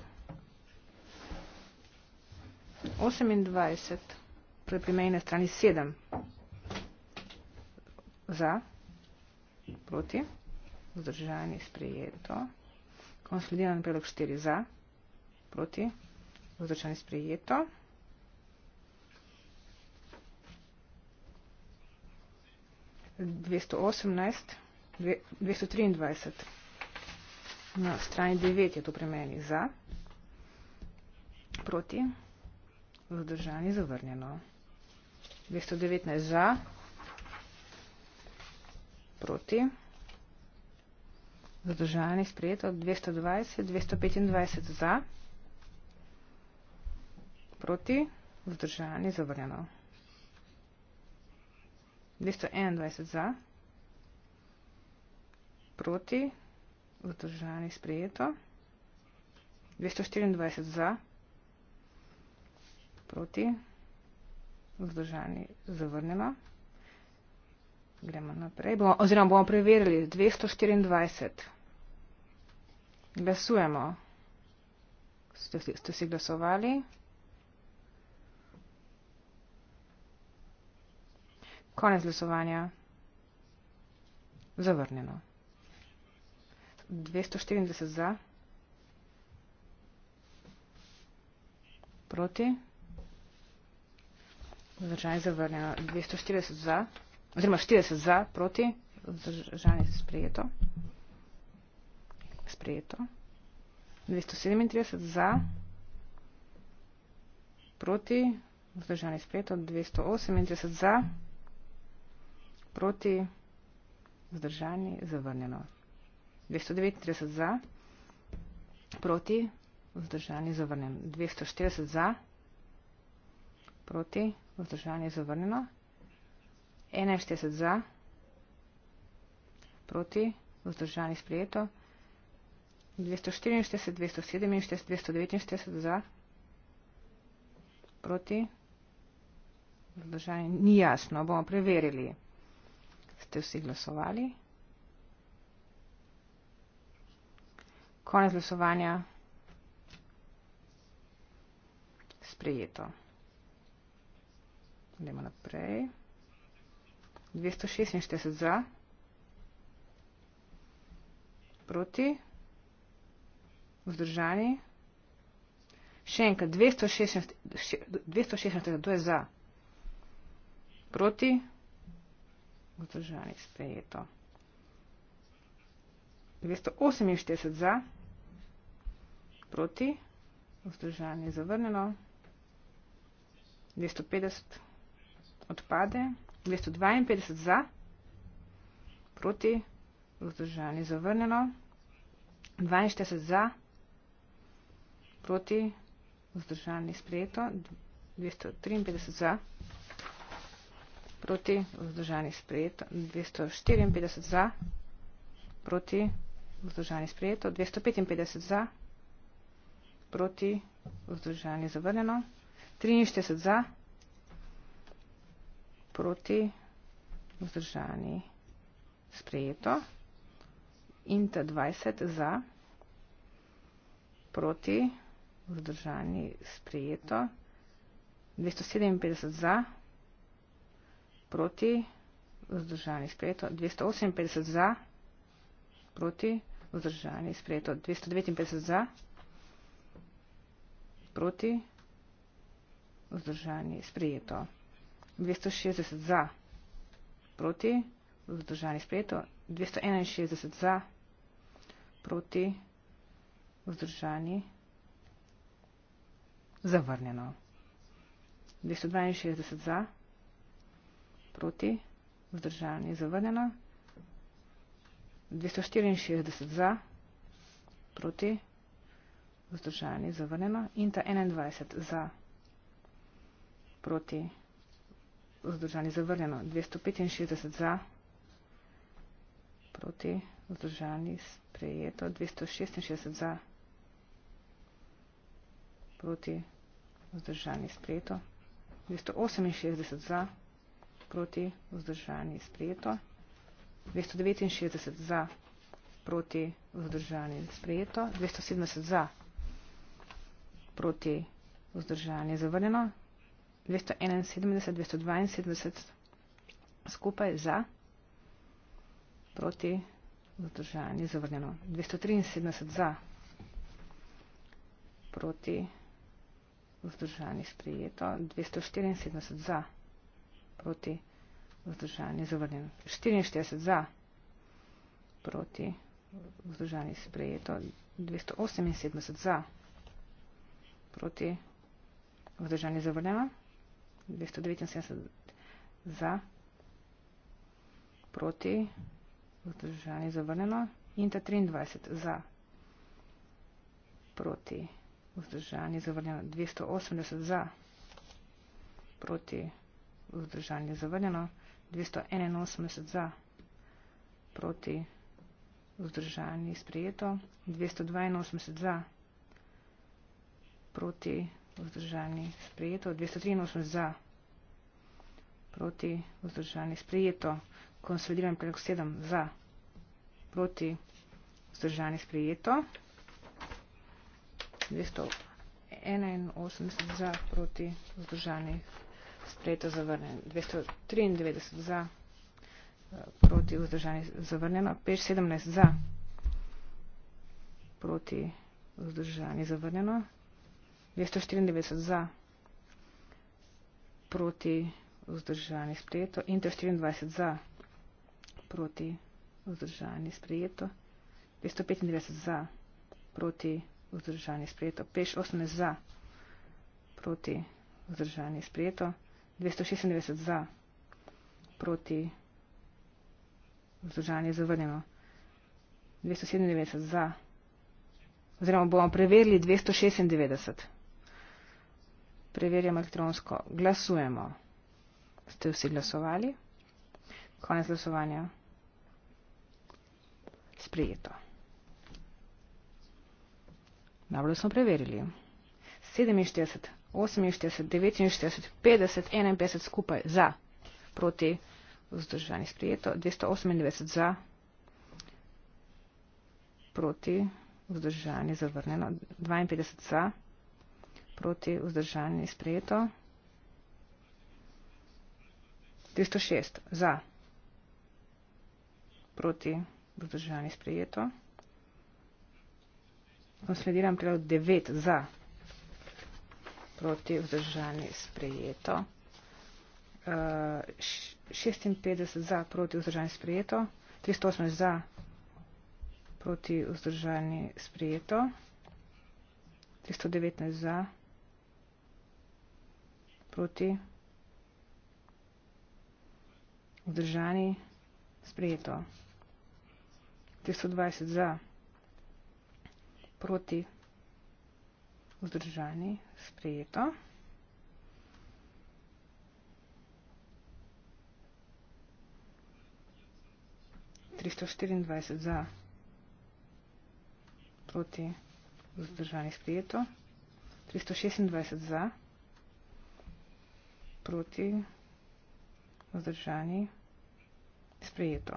28 pri mejne strani 7 za proti. Vzdržanje sprejeto. Konsolidiran predlog 4 za, proti, vzračanje sprejeto. Na strani 9 je to pri meni za, proti, vzdržanje zavrnjeno. 219 za, proti. Zadržani sprejeto 220, 225 za, proti, vzdržani zavrnjeno. 221 za, proti, vzdržani sprejeto. 224 za, proti, vzdržani zavrnjeno. Gremo naprej. Bomo, oziroma bomo preverili 224. Glasujemo. Ste, ste si glasovali? Konec glasovanja. Zavrnjeno. 240 za. Proti. Zdržanje zavrnjeno. 240 za oziroma 40 za, proti, vzdržanje se sprejeto. Sprejeto. 237 za, proti, vzdržanje se sprejeto. 238 za, proti, vzdržanje zavrnjeno. 239 za, proti, vzdržanje zavrnjeno. 240 za, proti, vzdržanje zavrnjeno. 41 za, proti, vzdržani sprejeto, 244, 247, 249 za, proti, vzdržani, ni jasno, bomo preverili, ste vsi glasovali. Konec glasovanja, sprejeto. Gremo naprej. 246 za, proti, vzdržani. Še enkrat, 260, to je za, proti, vzdržani, sprejeto. 248 za, proti, vzdržani, zavrnjeno. 250 odpade. 252 za, proti, vzdržanje zavrnjeno, 42 za, proti, vzdržanje sprejeto, 253 za, proti, vzdržanje sprejeto, 254 za, proti, vzdržanje sprejeto, 255 za, proti, vzdržanje zavrnjeno, 43 za, proti, proti, vzdržani, sprejeto. In ta 20 za, proti, vzdržani, sprejeto. 257 za, proti, vzdržani, sprejeto. 258 za, proti, vzdržani, sprejeto. 259 za, proti, vzdržani, sprejeto. 260 za, proti, vzdržani sprejeto, 261 za, proti, vzdržani, zavrnjeno. 262 za, proti, vzdržani, zavrnjeno. 264 za, proti, vzdržani, zavrnjeno. In ta 21 za, proti, vzdržani vzdržani zavrnjeno. 265 za, proti, vzdržani sprejeto. 266 za, proti, vzdržani sprejeto. 268 za, proti, vzdržani sprejeto. 269 za, proti, vzdržani sprejeto. 270 za, proti, vzdržani zavrnjeno. 271, 272 skupaj za, proti, zadržanje, zavrnjeno. 273 za, proti, vzdržanje, sprijeto. 274 za, proti, vzdržanje, zavrnjeno. 44 za, proti, vzdržanje, sprijeto. 278 za, proti, vzdržanje, zavrnjeno. 279 za, proti, vzdržani zavrnjeno in ta 23 za, proti, vzdržani zavrnjeno, 280 za, proti, vzdržani zavrnjeno, 281 za, proti, vzdržani sprejeto, 282 za, proti, vzdržani zavrnjeno, 282 za, proti, vzdržani sprejeto, 283 za, proti vzdržani sprejeto, konsolidiran predlog 7 za, proti vzdržani sprejeto, 281 za, proti vzdržani sprejeto zavrnjen, 293 za, proti vzdržani zavrnjeno, 517 za, proti vzdržani zavrnjeno, 294 za, proti vzdržanje sprejeto in 324 za, proti vzdržanje sprejeto, 295 za, proti vzdržanje sprejeto, 518 za, proti vzdržanje sprejeto, 296 za, proti vzdržanje zavrnjeno, 297 za, oziroma bomo preverili 296. Preverjam elektronsko. Glasujemo. Ste vsi glasovali? Konec glasovanja. Sprijeto. Dobro, smo preverili. 47, 48, 49, 50, 51 skupaj za, proti, vzdržani sprijeto, 298 za, proti, vzdržani zavrnjeno, 52 za proti vzdržanje sprejeto. 306 za proti vzdržanje sprejeto. Konsolidiran predlog 9 za proti vzdržanje sprejeto. 56 eh, za proti vzdržanje sprejeto. 308 za proti vzdržanje sprejeto. 319 za proti vzdržanje sprejeto proti, vzdržani, sprejeto. 320 za, proti, vzdržani, sprejeto. Tristo štiriindvajset za, proti, vzdržani, sprejeto. Tristo šestindvajset za proti, vzdržani, sprejeto.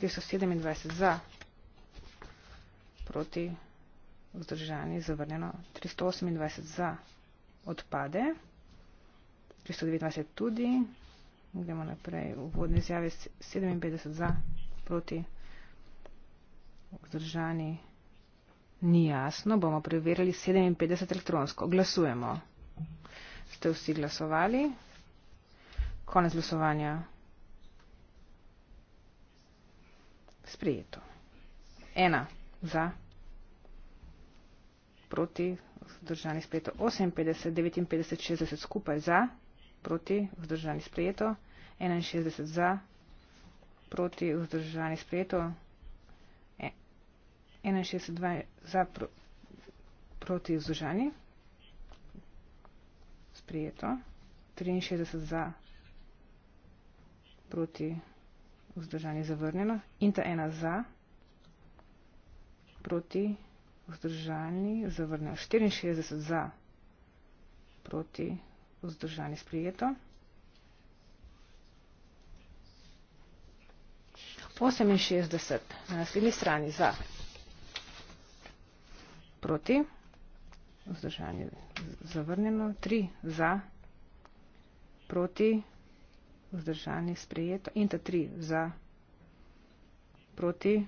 Zdaj so 27 za, proti, vzdržani, zavrnjeno. 328 za odpade, 329 tudi. Gremo naprej v vodne izjave 57 za, proti, vzdržani. Ni jasno, bomo preverili 57 elektronsko. Glasujemo. Ste vsi glasovali? Konec glasovanja. Sprijeto. Ena za, proti, vzdržani sprijeto. 58, 59, 60 skupaj za, proti, vzdržani sprijeto. 61 za, proti, vzdržani sprijeto. 61, 2 za, pro, proti, vzdržani sprijeto. 63 za, proti vzdržanje zavrnjeno. In ta ena za, proti vzdržanje zavrnjeno. 64 za, proti vzdržanje sprijeto. 68 na naslednji strani za, proti vzdržanje zavrnjeno vzdržanje zavrnjeno, tri za, proti, vzdržanje sprejeto in ta tri za, proti,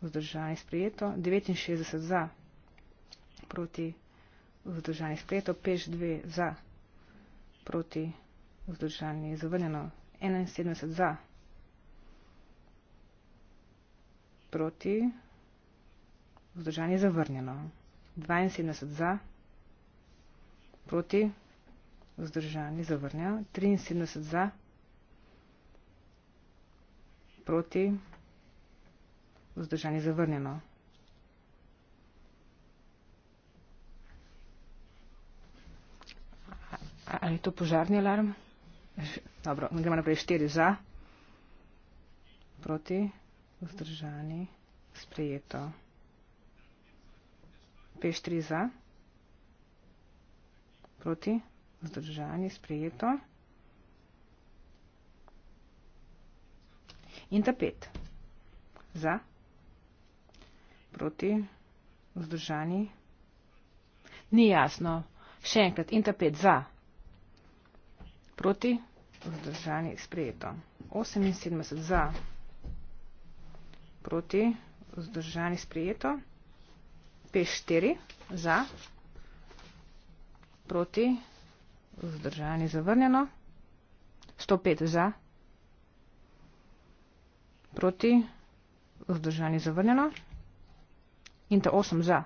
vzdržanje sprejeto, 69 za, proti, vzdržanje sprejeto, peš dve za, proti, vzdržanje zavrnjeno, 71 za, proti, vzdržanje zavrnjeno. 72 za, proti, vzdržani, zavrnjeno, 73 za, proti, vzdržani, zavrnjeno. Ali je to požarni alarm? Dobro, gremo naprej 4 za, proti, vzdržani, sprejeto peš 3 za, proti, vzdržanje, sprejeto. In ta pet. Za, proti, vzdržani. Ni jasno. Še enkrat. In ta pet. Za, proti, vzdržani, sprejeto. 78 za, proti, vzdržani, sprejeto. P4 za, proti, vzdržani zavrnjeno, 105 za, proti, vzdržani zavrnjeno in ta 8 za,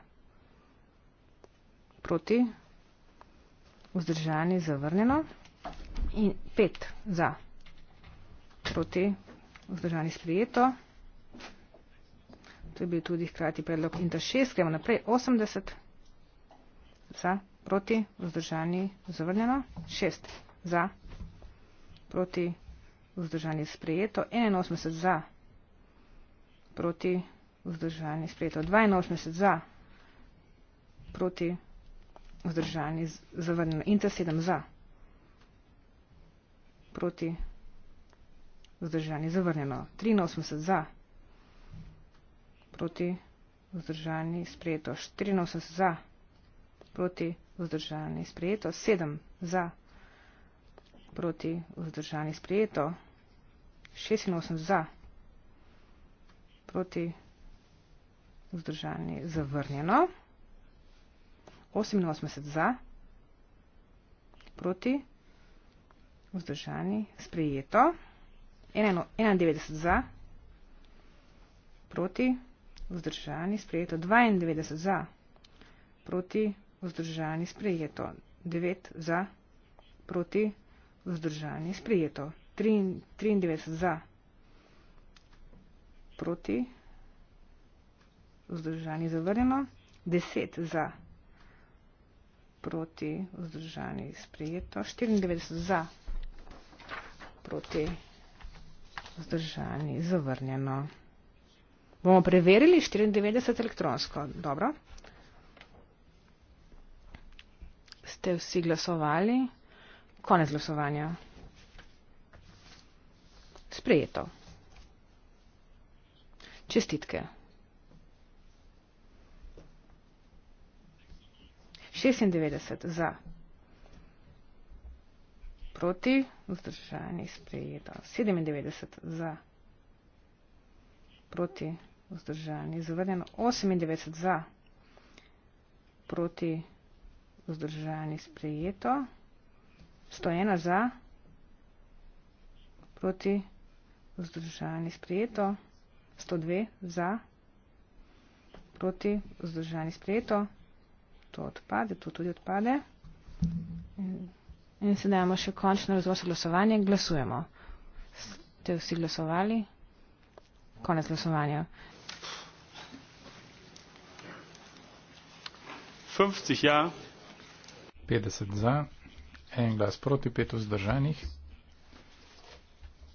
proti, vzdržani zavrnjeno in 5 za, proti, vzdržani sprijeto. To je bil tudi hkrati predlog. In ta šest, gremo naprej, 80 za, proti, vzdržani, zavrnjeno, šest za, proti, vzdržani, sprejeto, 81 za, proti, vzdržani, sprejeto, 82 za, proti, vzdržani, zavrnjeno, in ta sedem za, proti, vzdržani, zavrnjeno, 83 za, proti, proti vzdržani sprejeto, 84 za proti vzdržani sprejeto, 7 za proti vzdržani sprejeto, 86 za proti vzdržani zavrnjeno, 88 za proti vzdržani sprejeto, 91 za proti vzdržani sprejeto vzdržani sprejeto 92 za, proti vzdržani sprejeto 9 za, proti vzdržani sprejeto 93 za, proti vzdržani zavrnjeno 10 za, proti vzdržani sprejeto 94 za, proti vzdržani zavrnjeno 10 za. Bomo preverili 94 elektronsko. Dobro. Ste vsi glasovali? Konec glasovanja. Sprejeto. Čestitke. 96 za. Proti. Vzdržani. Sprejeto. 97 za proti vzdržanje. Zavrnjeno 98 za proti vzdržanje sprejeto. 101 za proti vzdržanje sprejeto. 102 za proti vzdržanje sprejeto. To odpade, to tudi odpade. In sedaj imamo še končno razvoz glasovanja. Glasujemo. Ste vsi glasovali? konec glasovanja. 50, ja. 50 za, en glas proti, pet vzdržanih.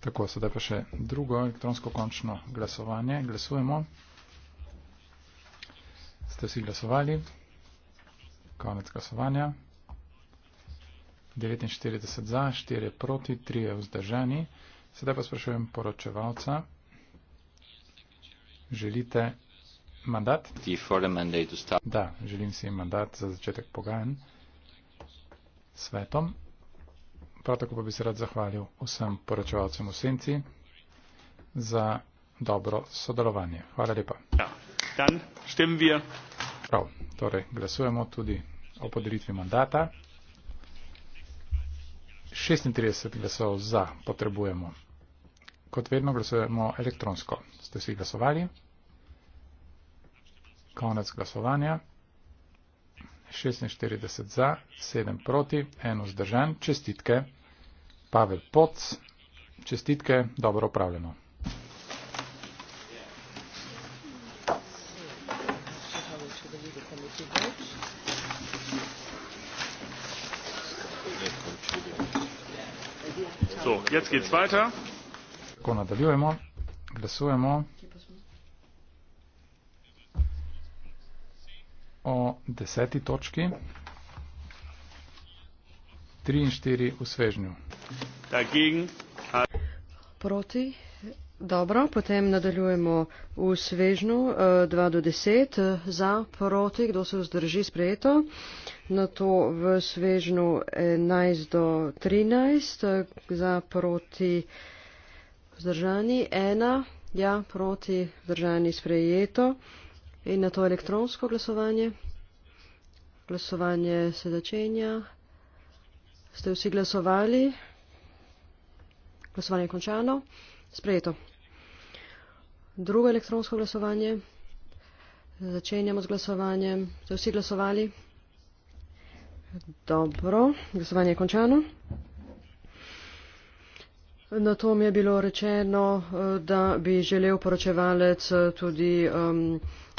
Tako, sedaj pa še drugo elektronsko končno glasovanje. Glasujemo. Ste vsi glasovali? Konec glasovanja. 49 za, 4 proti, 3 vzdržani. Sedaj pa sprašujem poročevalca. Želite mandat? Da, želim si mandat za začetek pogajanj svetom. Prav tako pa bi se rad zahvalil vsem poročevalcem v Senci za dobro sodelovanje. Hvala lepa. Ja, Prav, torej glasujemo tudi o podelitvi mandata. 36 glasov za potrebujemo. Kot vedno glasujemo elektronsko. Ste si glasovali? Konec glasovanja. 46 za, 7 proti, 1 zdržan. Čestitke. Pavel Poc. Čestitke. Dobro upravljeno. So, jetzt geht's weiter lahko nadaljujemo. Glasujemo o deseti točki. 3 in 4 v svežnju. Proti. Dobro, potem nadaljujemo v svežnju 2 eh, do 10 za, proti, kdo se vzdrži sprejeto. Na to v svežnju 11 do 13 za, proti Vzdržani ena, ja, proti vzdržani sprejeto. In na to elektronsko glasovanje. Glasovanje se začenja. Ste vsi glasovali? Glasovanje je končano. Sprejeto. Drugo elektronsko glasovanje. Začenjamo z glasovanjem. Ste vsi glasovali? Dobro, glasovanje je končano. Na tom je bilo rečeno, eh, da bi želel poročevalec eh, tudi um,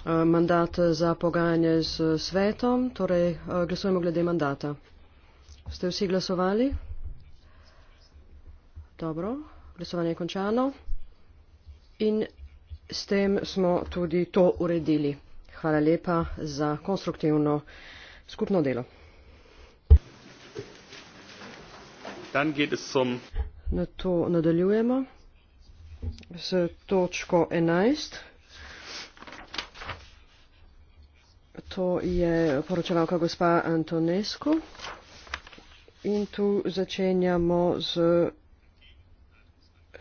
eh, mandat za pogajanje z svetom, torej glasujemo glede mandata. Ste vsi glasovali? Dobro, glasovanje je končano. In s tem smo tudi to uredili. Hvala lepa za konstruktivno skupno delo. Dann geht es zum na to nadaljujemo z točko 11. To je poročevalka gospa Antonescu in tu začenjamo z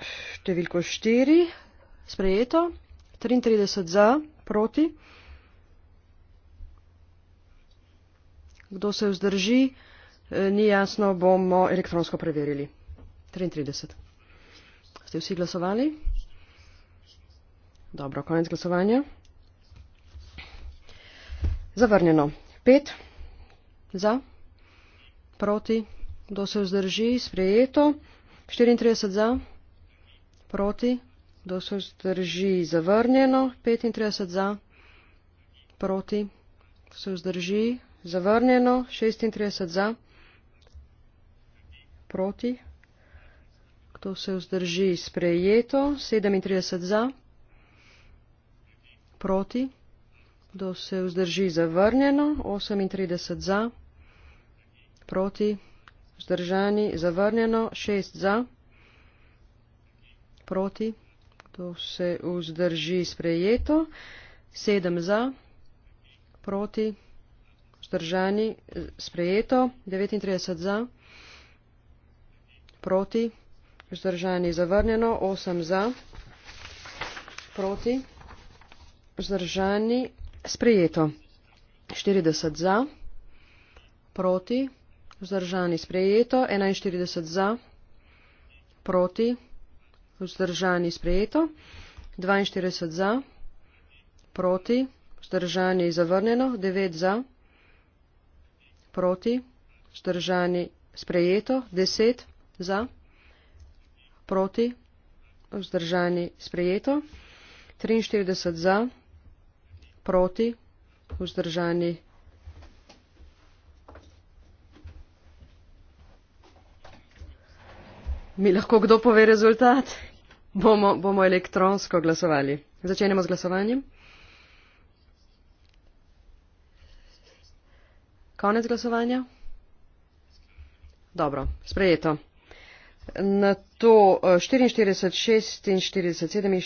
številko 4 sprejeto, 33 za, proti. Kdo se vzdrži, e, ni jasno, bomo elektronsko preverili. 33. Ste vsi glasovali? Dobro, konec glasovanja. Zavrnjeno. 5 za, proti, kdo se vzdrži, sprejeto. 34 za, proti, kdo se vzdrži, zavrnjeno. 35 za, proti, kdo se vzdrži, zavrnjeno. 36 za, proti, To se vzdrži sprejeto, 37 za, proti, to se vzdrži zavrnjeno, 38 za, proti, vzdržani, zavrnjeno, 6 za, proti, to se vzdrži sprejeto, 7 za, proti, vzdržani, sprejeto, 39 za, proti, vzdržani, sprejeto, 39 za, proti, Vzdržani zavrnjeno, 8 za, proti, vzdržani sprejeto, 40 za, proti, vzdržani sprejeto, 41 za, proti, vzdržani sprejeto, 42 za, proti, vzdržani zavrnjeno, 9 za, proti, vzdržani sprejeto, 10 za, proti proti, vzdržani sprejeto, 43 za, proti, vzdržani. Mi lahko kdo pove rezultat? Bomo, bomo elektronsko glasovali. Začenjamo z glasovanjem. Konec glasovanja? Dobro, sprejeto na to 44, 46, 47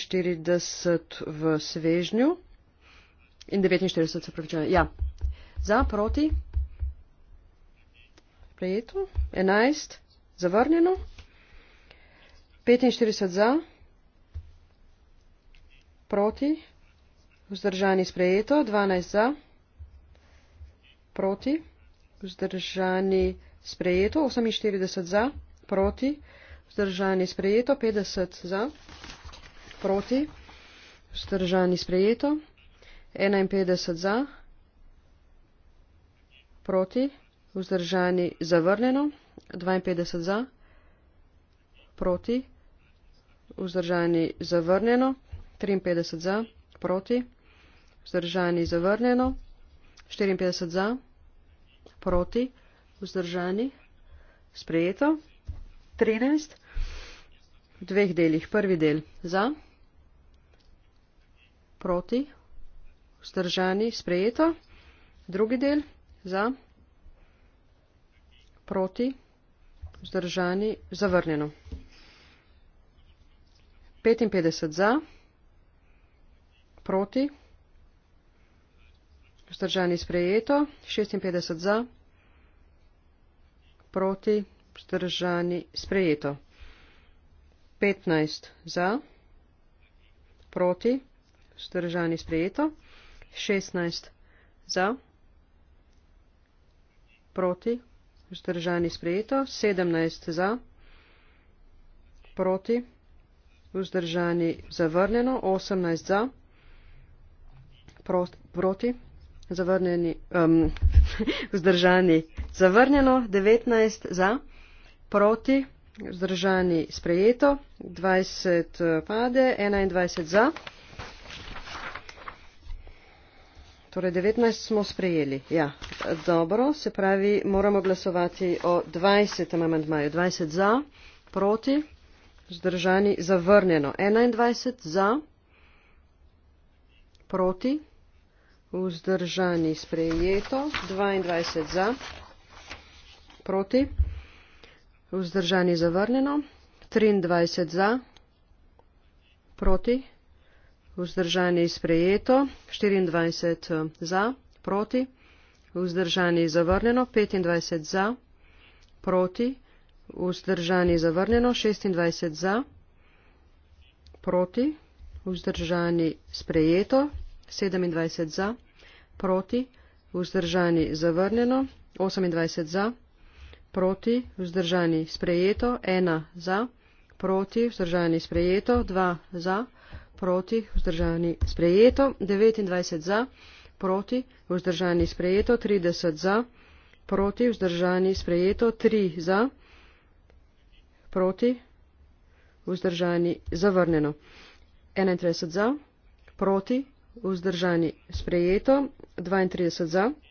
v svežnju in 49 se pravičuje. Ja, za, proti, prejeto, 11, zavrnjeno, 45 za, proti, vzdržani sprejeto, 12 za, proti, vzdržani sprejeto, 48 za proti, vzdržani sprejeto, 50 za, proti, vzdržani sprejeto, 51 za, proti, vzdržani zavrnjeno, 52 za, proti, vzdržani zavrnjeno, 53 za, proti, vzdržani zavrnjeno, 54 za, proti, vzdržani, sprejeto. 13 v dveh delih. Prvi del za, proti, vzdržani, sprejeto. Drugi del za, proti, vzdržani, zavrnjeno. 55 za, proti, vzdržani, sprejeto. 56 za, proti, vzdržani vzdržani sprejeto. 15 za, proti, vzdržani sprejeto. 16 za, proti, vzdržani sprejeto. 17 za, proti, vzdržani zavrnjeno. 18 za, proti, zavrnjeni, um, vzdržani zavrnjeno. 19 za proti, vzdržani sprejeto, 20 eh, pade, 21 za. Torej 19 smo sprejeli. Ja, dobro, se pravi, moramo glasovati o 20. amandmaju. 20 za, proti, vzdržani, zavrnjeno. 21 za, proti, vzdržani, sprejeto. 22 za, proti. Vzdržani zavrnjeno. 23 za. Proti. Vzdržani sprejeto. 24 eh, za. Proti. Vzdržani zavrnjeno. 25 za. Proti. Vzdržani zavrnjeno. 26 za. Proti. Vzdržani sprejeto. 27 za. Proti. Vzdržani zavrnjeno. 28 za. Proti proti, vzdržani, sprejeto, ena za, proti, vzdržani, sprejeto, dva za, proti, vzdržani, sprejeto, 29 za, proti, vzdržani, sprejeto, 30 za, proti, vzdržani, sprejeto, 3 za, proti, vzdržani, zavrnjeno, 31 za, proti, vzdržani, sprejeto, 32 za, proti,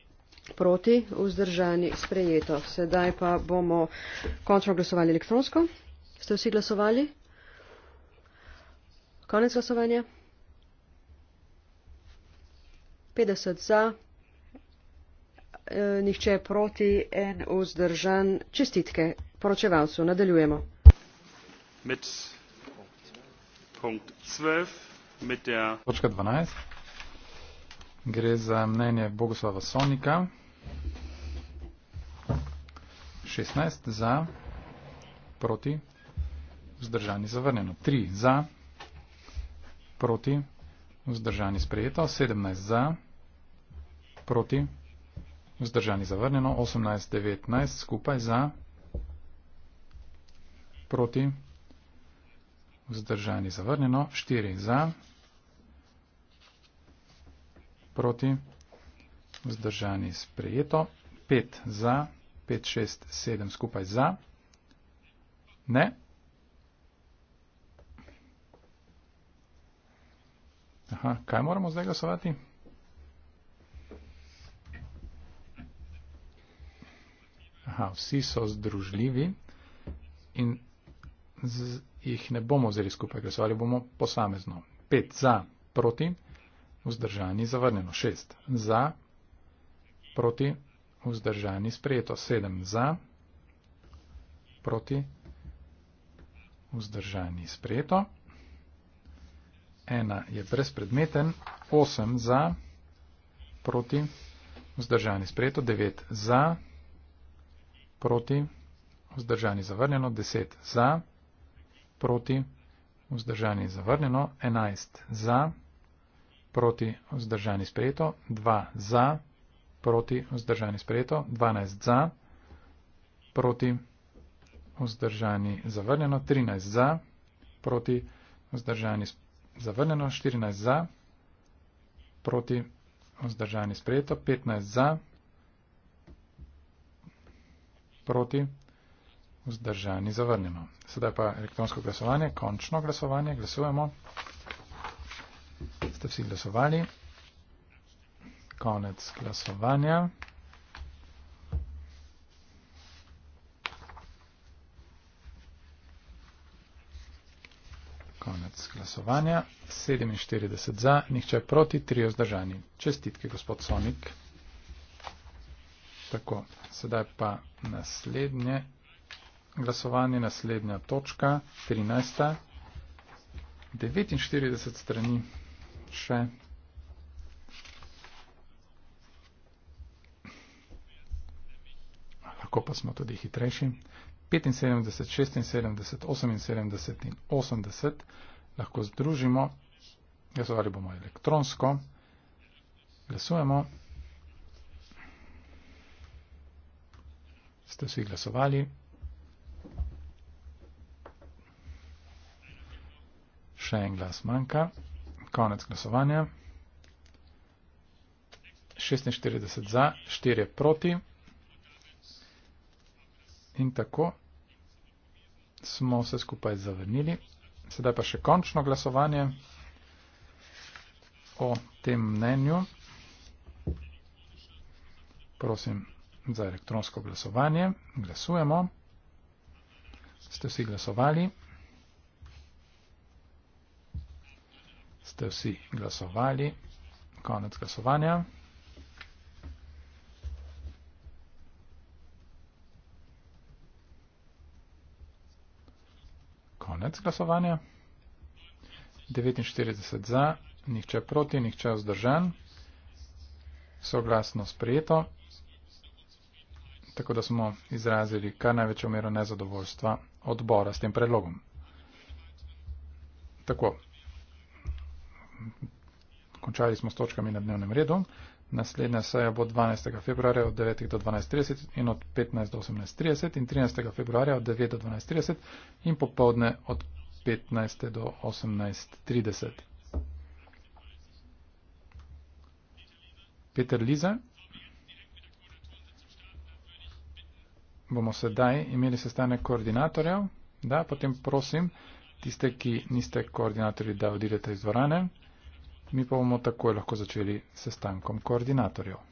proti, vzdržani, sprejeto. Sedaj pa bomo končno glasovali elektronsko. Ste vsi glasovali? Konec glasovanja. 50 za, eh, nihče proti, en vzdržan. Čestitke poročevalcu. Nadaljujemo. Točka 12. Gre za mnenje Bogoslava Sonika. 16 za, proti, vzdržani zavrnjeno. 3 za, proti, vzdržani sprejeto. 17 za, proti, vzdržani zavrnjeno. 18-19 skupaj za, proti, vzdržani zavrnjeno. 4 za, proti proti, vzdržani sprejeto, 5 za, 5, 6, 7 skupaj za, ne. Aha, kaj moramo zdaj glasovati? Aha, vsi so združljivi in z, jih ne bomo vzeli skupaj glasovali, bomo posamezno. 5 za, proti, vzdržani zavrnjeno 6, za, proti, vzdržani sprejeto 7, za, proti, vzdržani sprejeto, 1 je brezpredmeten, 8 za, proti, vzdržani sprejeto 9, za, proti, vzdržani zavrnjeno 10, za, proti, vzdržani zavrnjeno 11, za, proti, proti vzdržani sprejeto, 2 za, proti vzdržani sprejeto, 12 za, proti vzdržani zavrnjeno, 13 za, proti vzdržani zavrnjeno, 14 za, proti vzdržani sprejeto, 15 za, proti vzdržani zavrnjeno. Sedaj pa elektronsko glasovanje, končno glasovanje, glasujemo ste vsi glasovali. Konec glasovanja. Konec glasovanja. 47 za, nihče proti, tri vzdržani. Čestitke, gospod Sonik. Tako, sedaj pa naslednje glasovanje, naslednja točka, 13. 49 strani še. Lahko pa smo tudi hitrejši. 75, 76, 78 in 80 lahko združimo. Glasovali bomo elektronsko. Glasujemo. Ste vsi glasovali? Še en glas manjka konec glasovanja. 46 za, 4 proti. In tako smo vse skupaj zavrnili. Sedaj pa še končno glasovanje o tem mnenju. Prosim za elektronsko glasovanje. Glasujemo. Ste vsi glasovali? ste vsi glasovali. Konec glasovanja. Konec glasovanja. 49 za, nihče proti, nihče vzdržan. Soglasno sprejeto. Tako da smo izrazili kar največjo mero nezadovoljstva odbora s tem predlogom. Tako, končali smo s točkami na dnevnem redu. Naslednja seja bo 12. februarja od 9. do 12.30 in od 15. do 18.30 in 13. februarja od 9. do 12.30 in popovdne od 15. do 18.30. Peter Liza. Bomo sedaj imeli sestanek koordinatorjev. Da, potem prosim tiste, ki niste koordinatorji, da odidete iz dvorane. Mi pa bomo takoj lahko začeli sestankom koordinatorjev.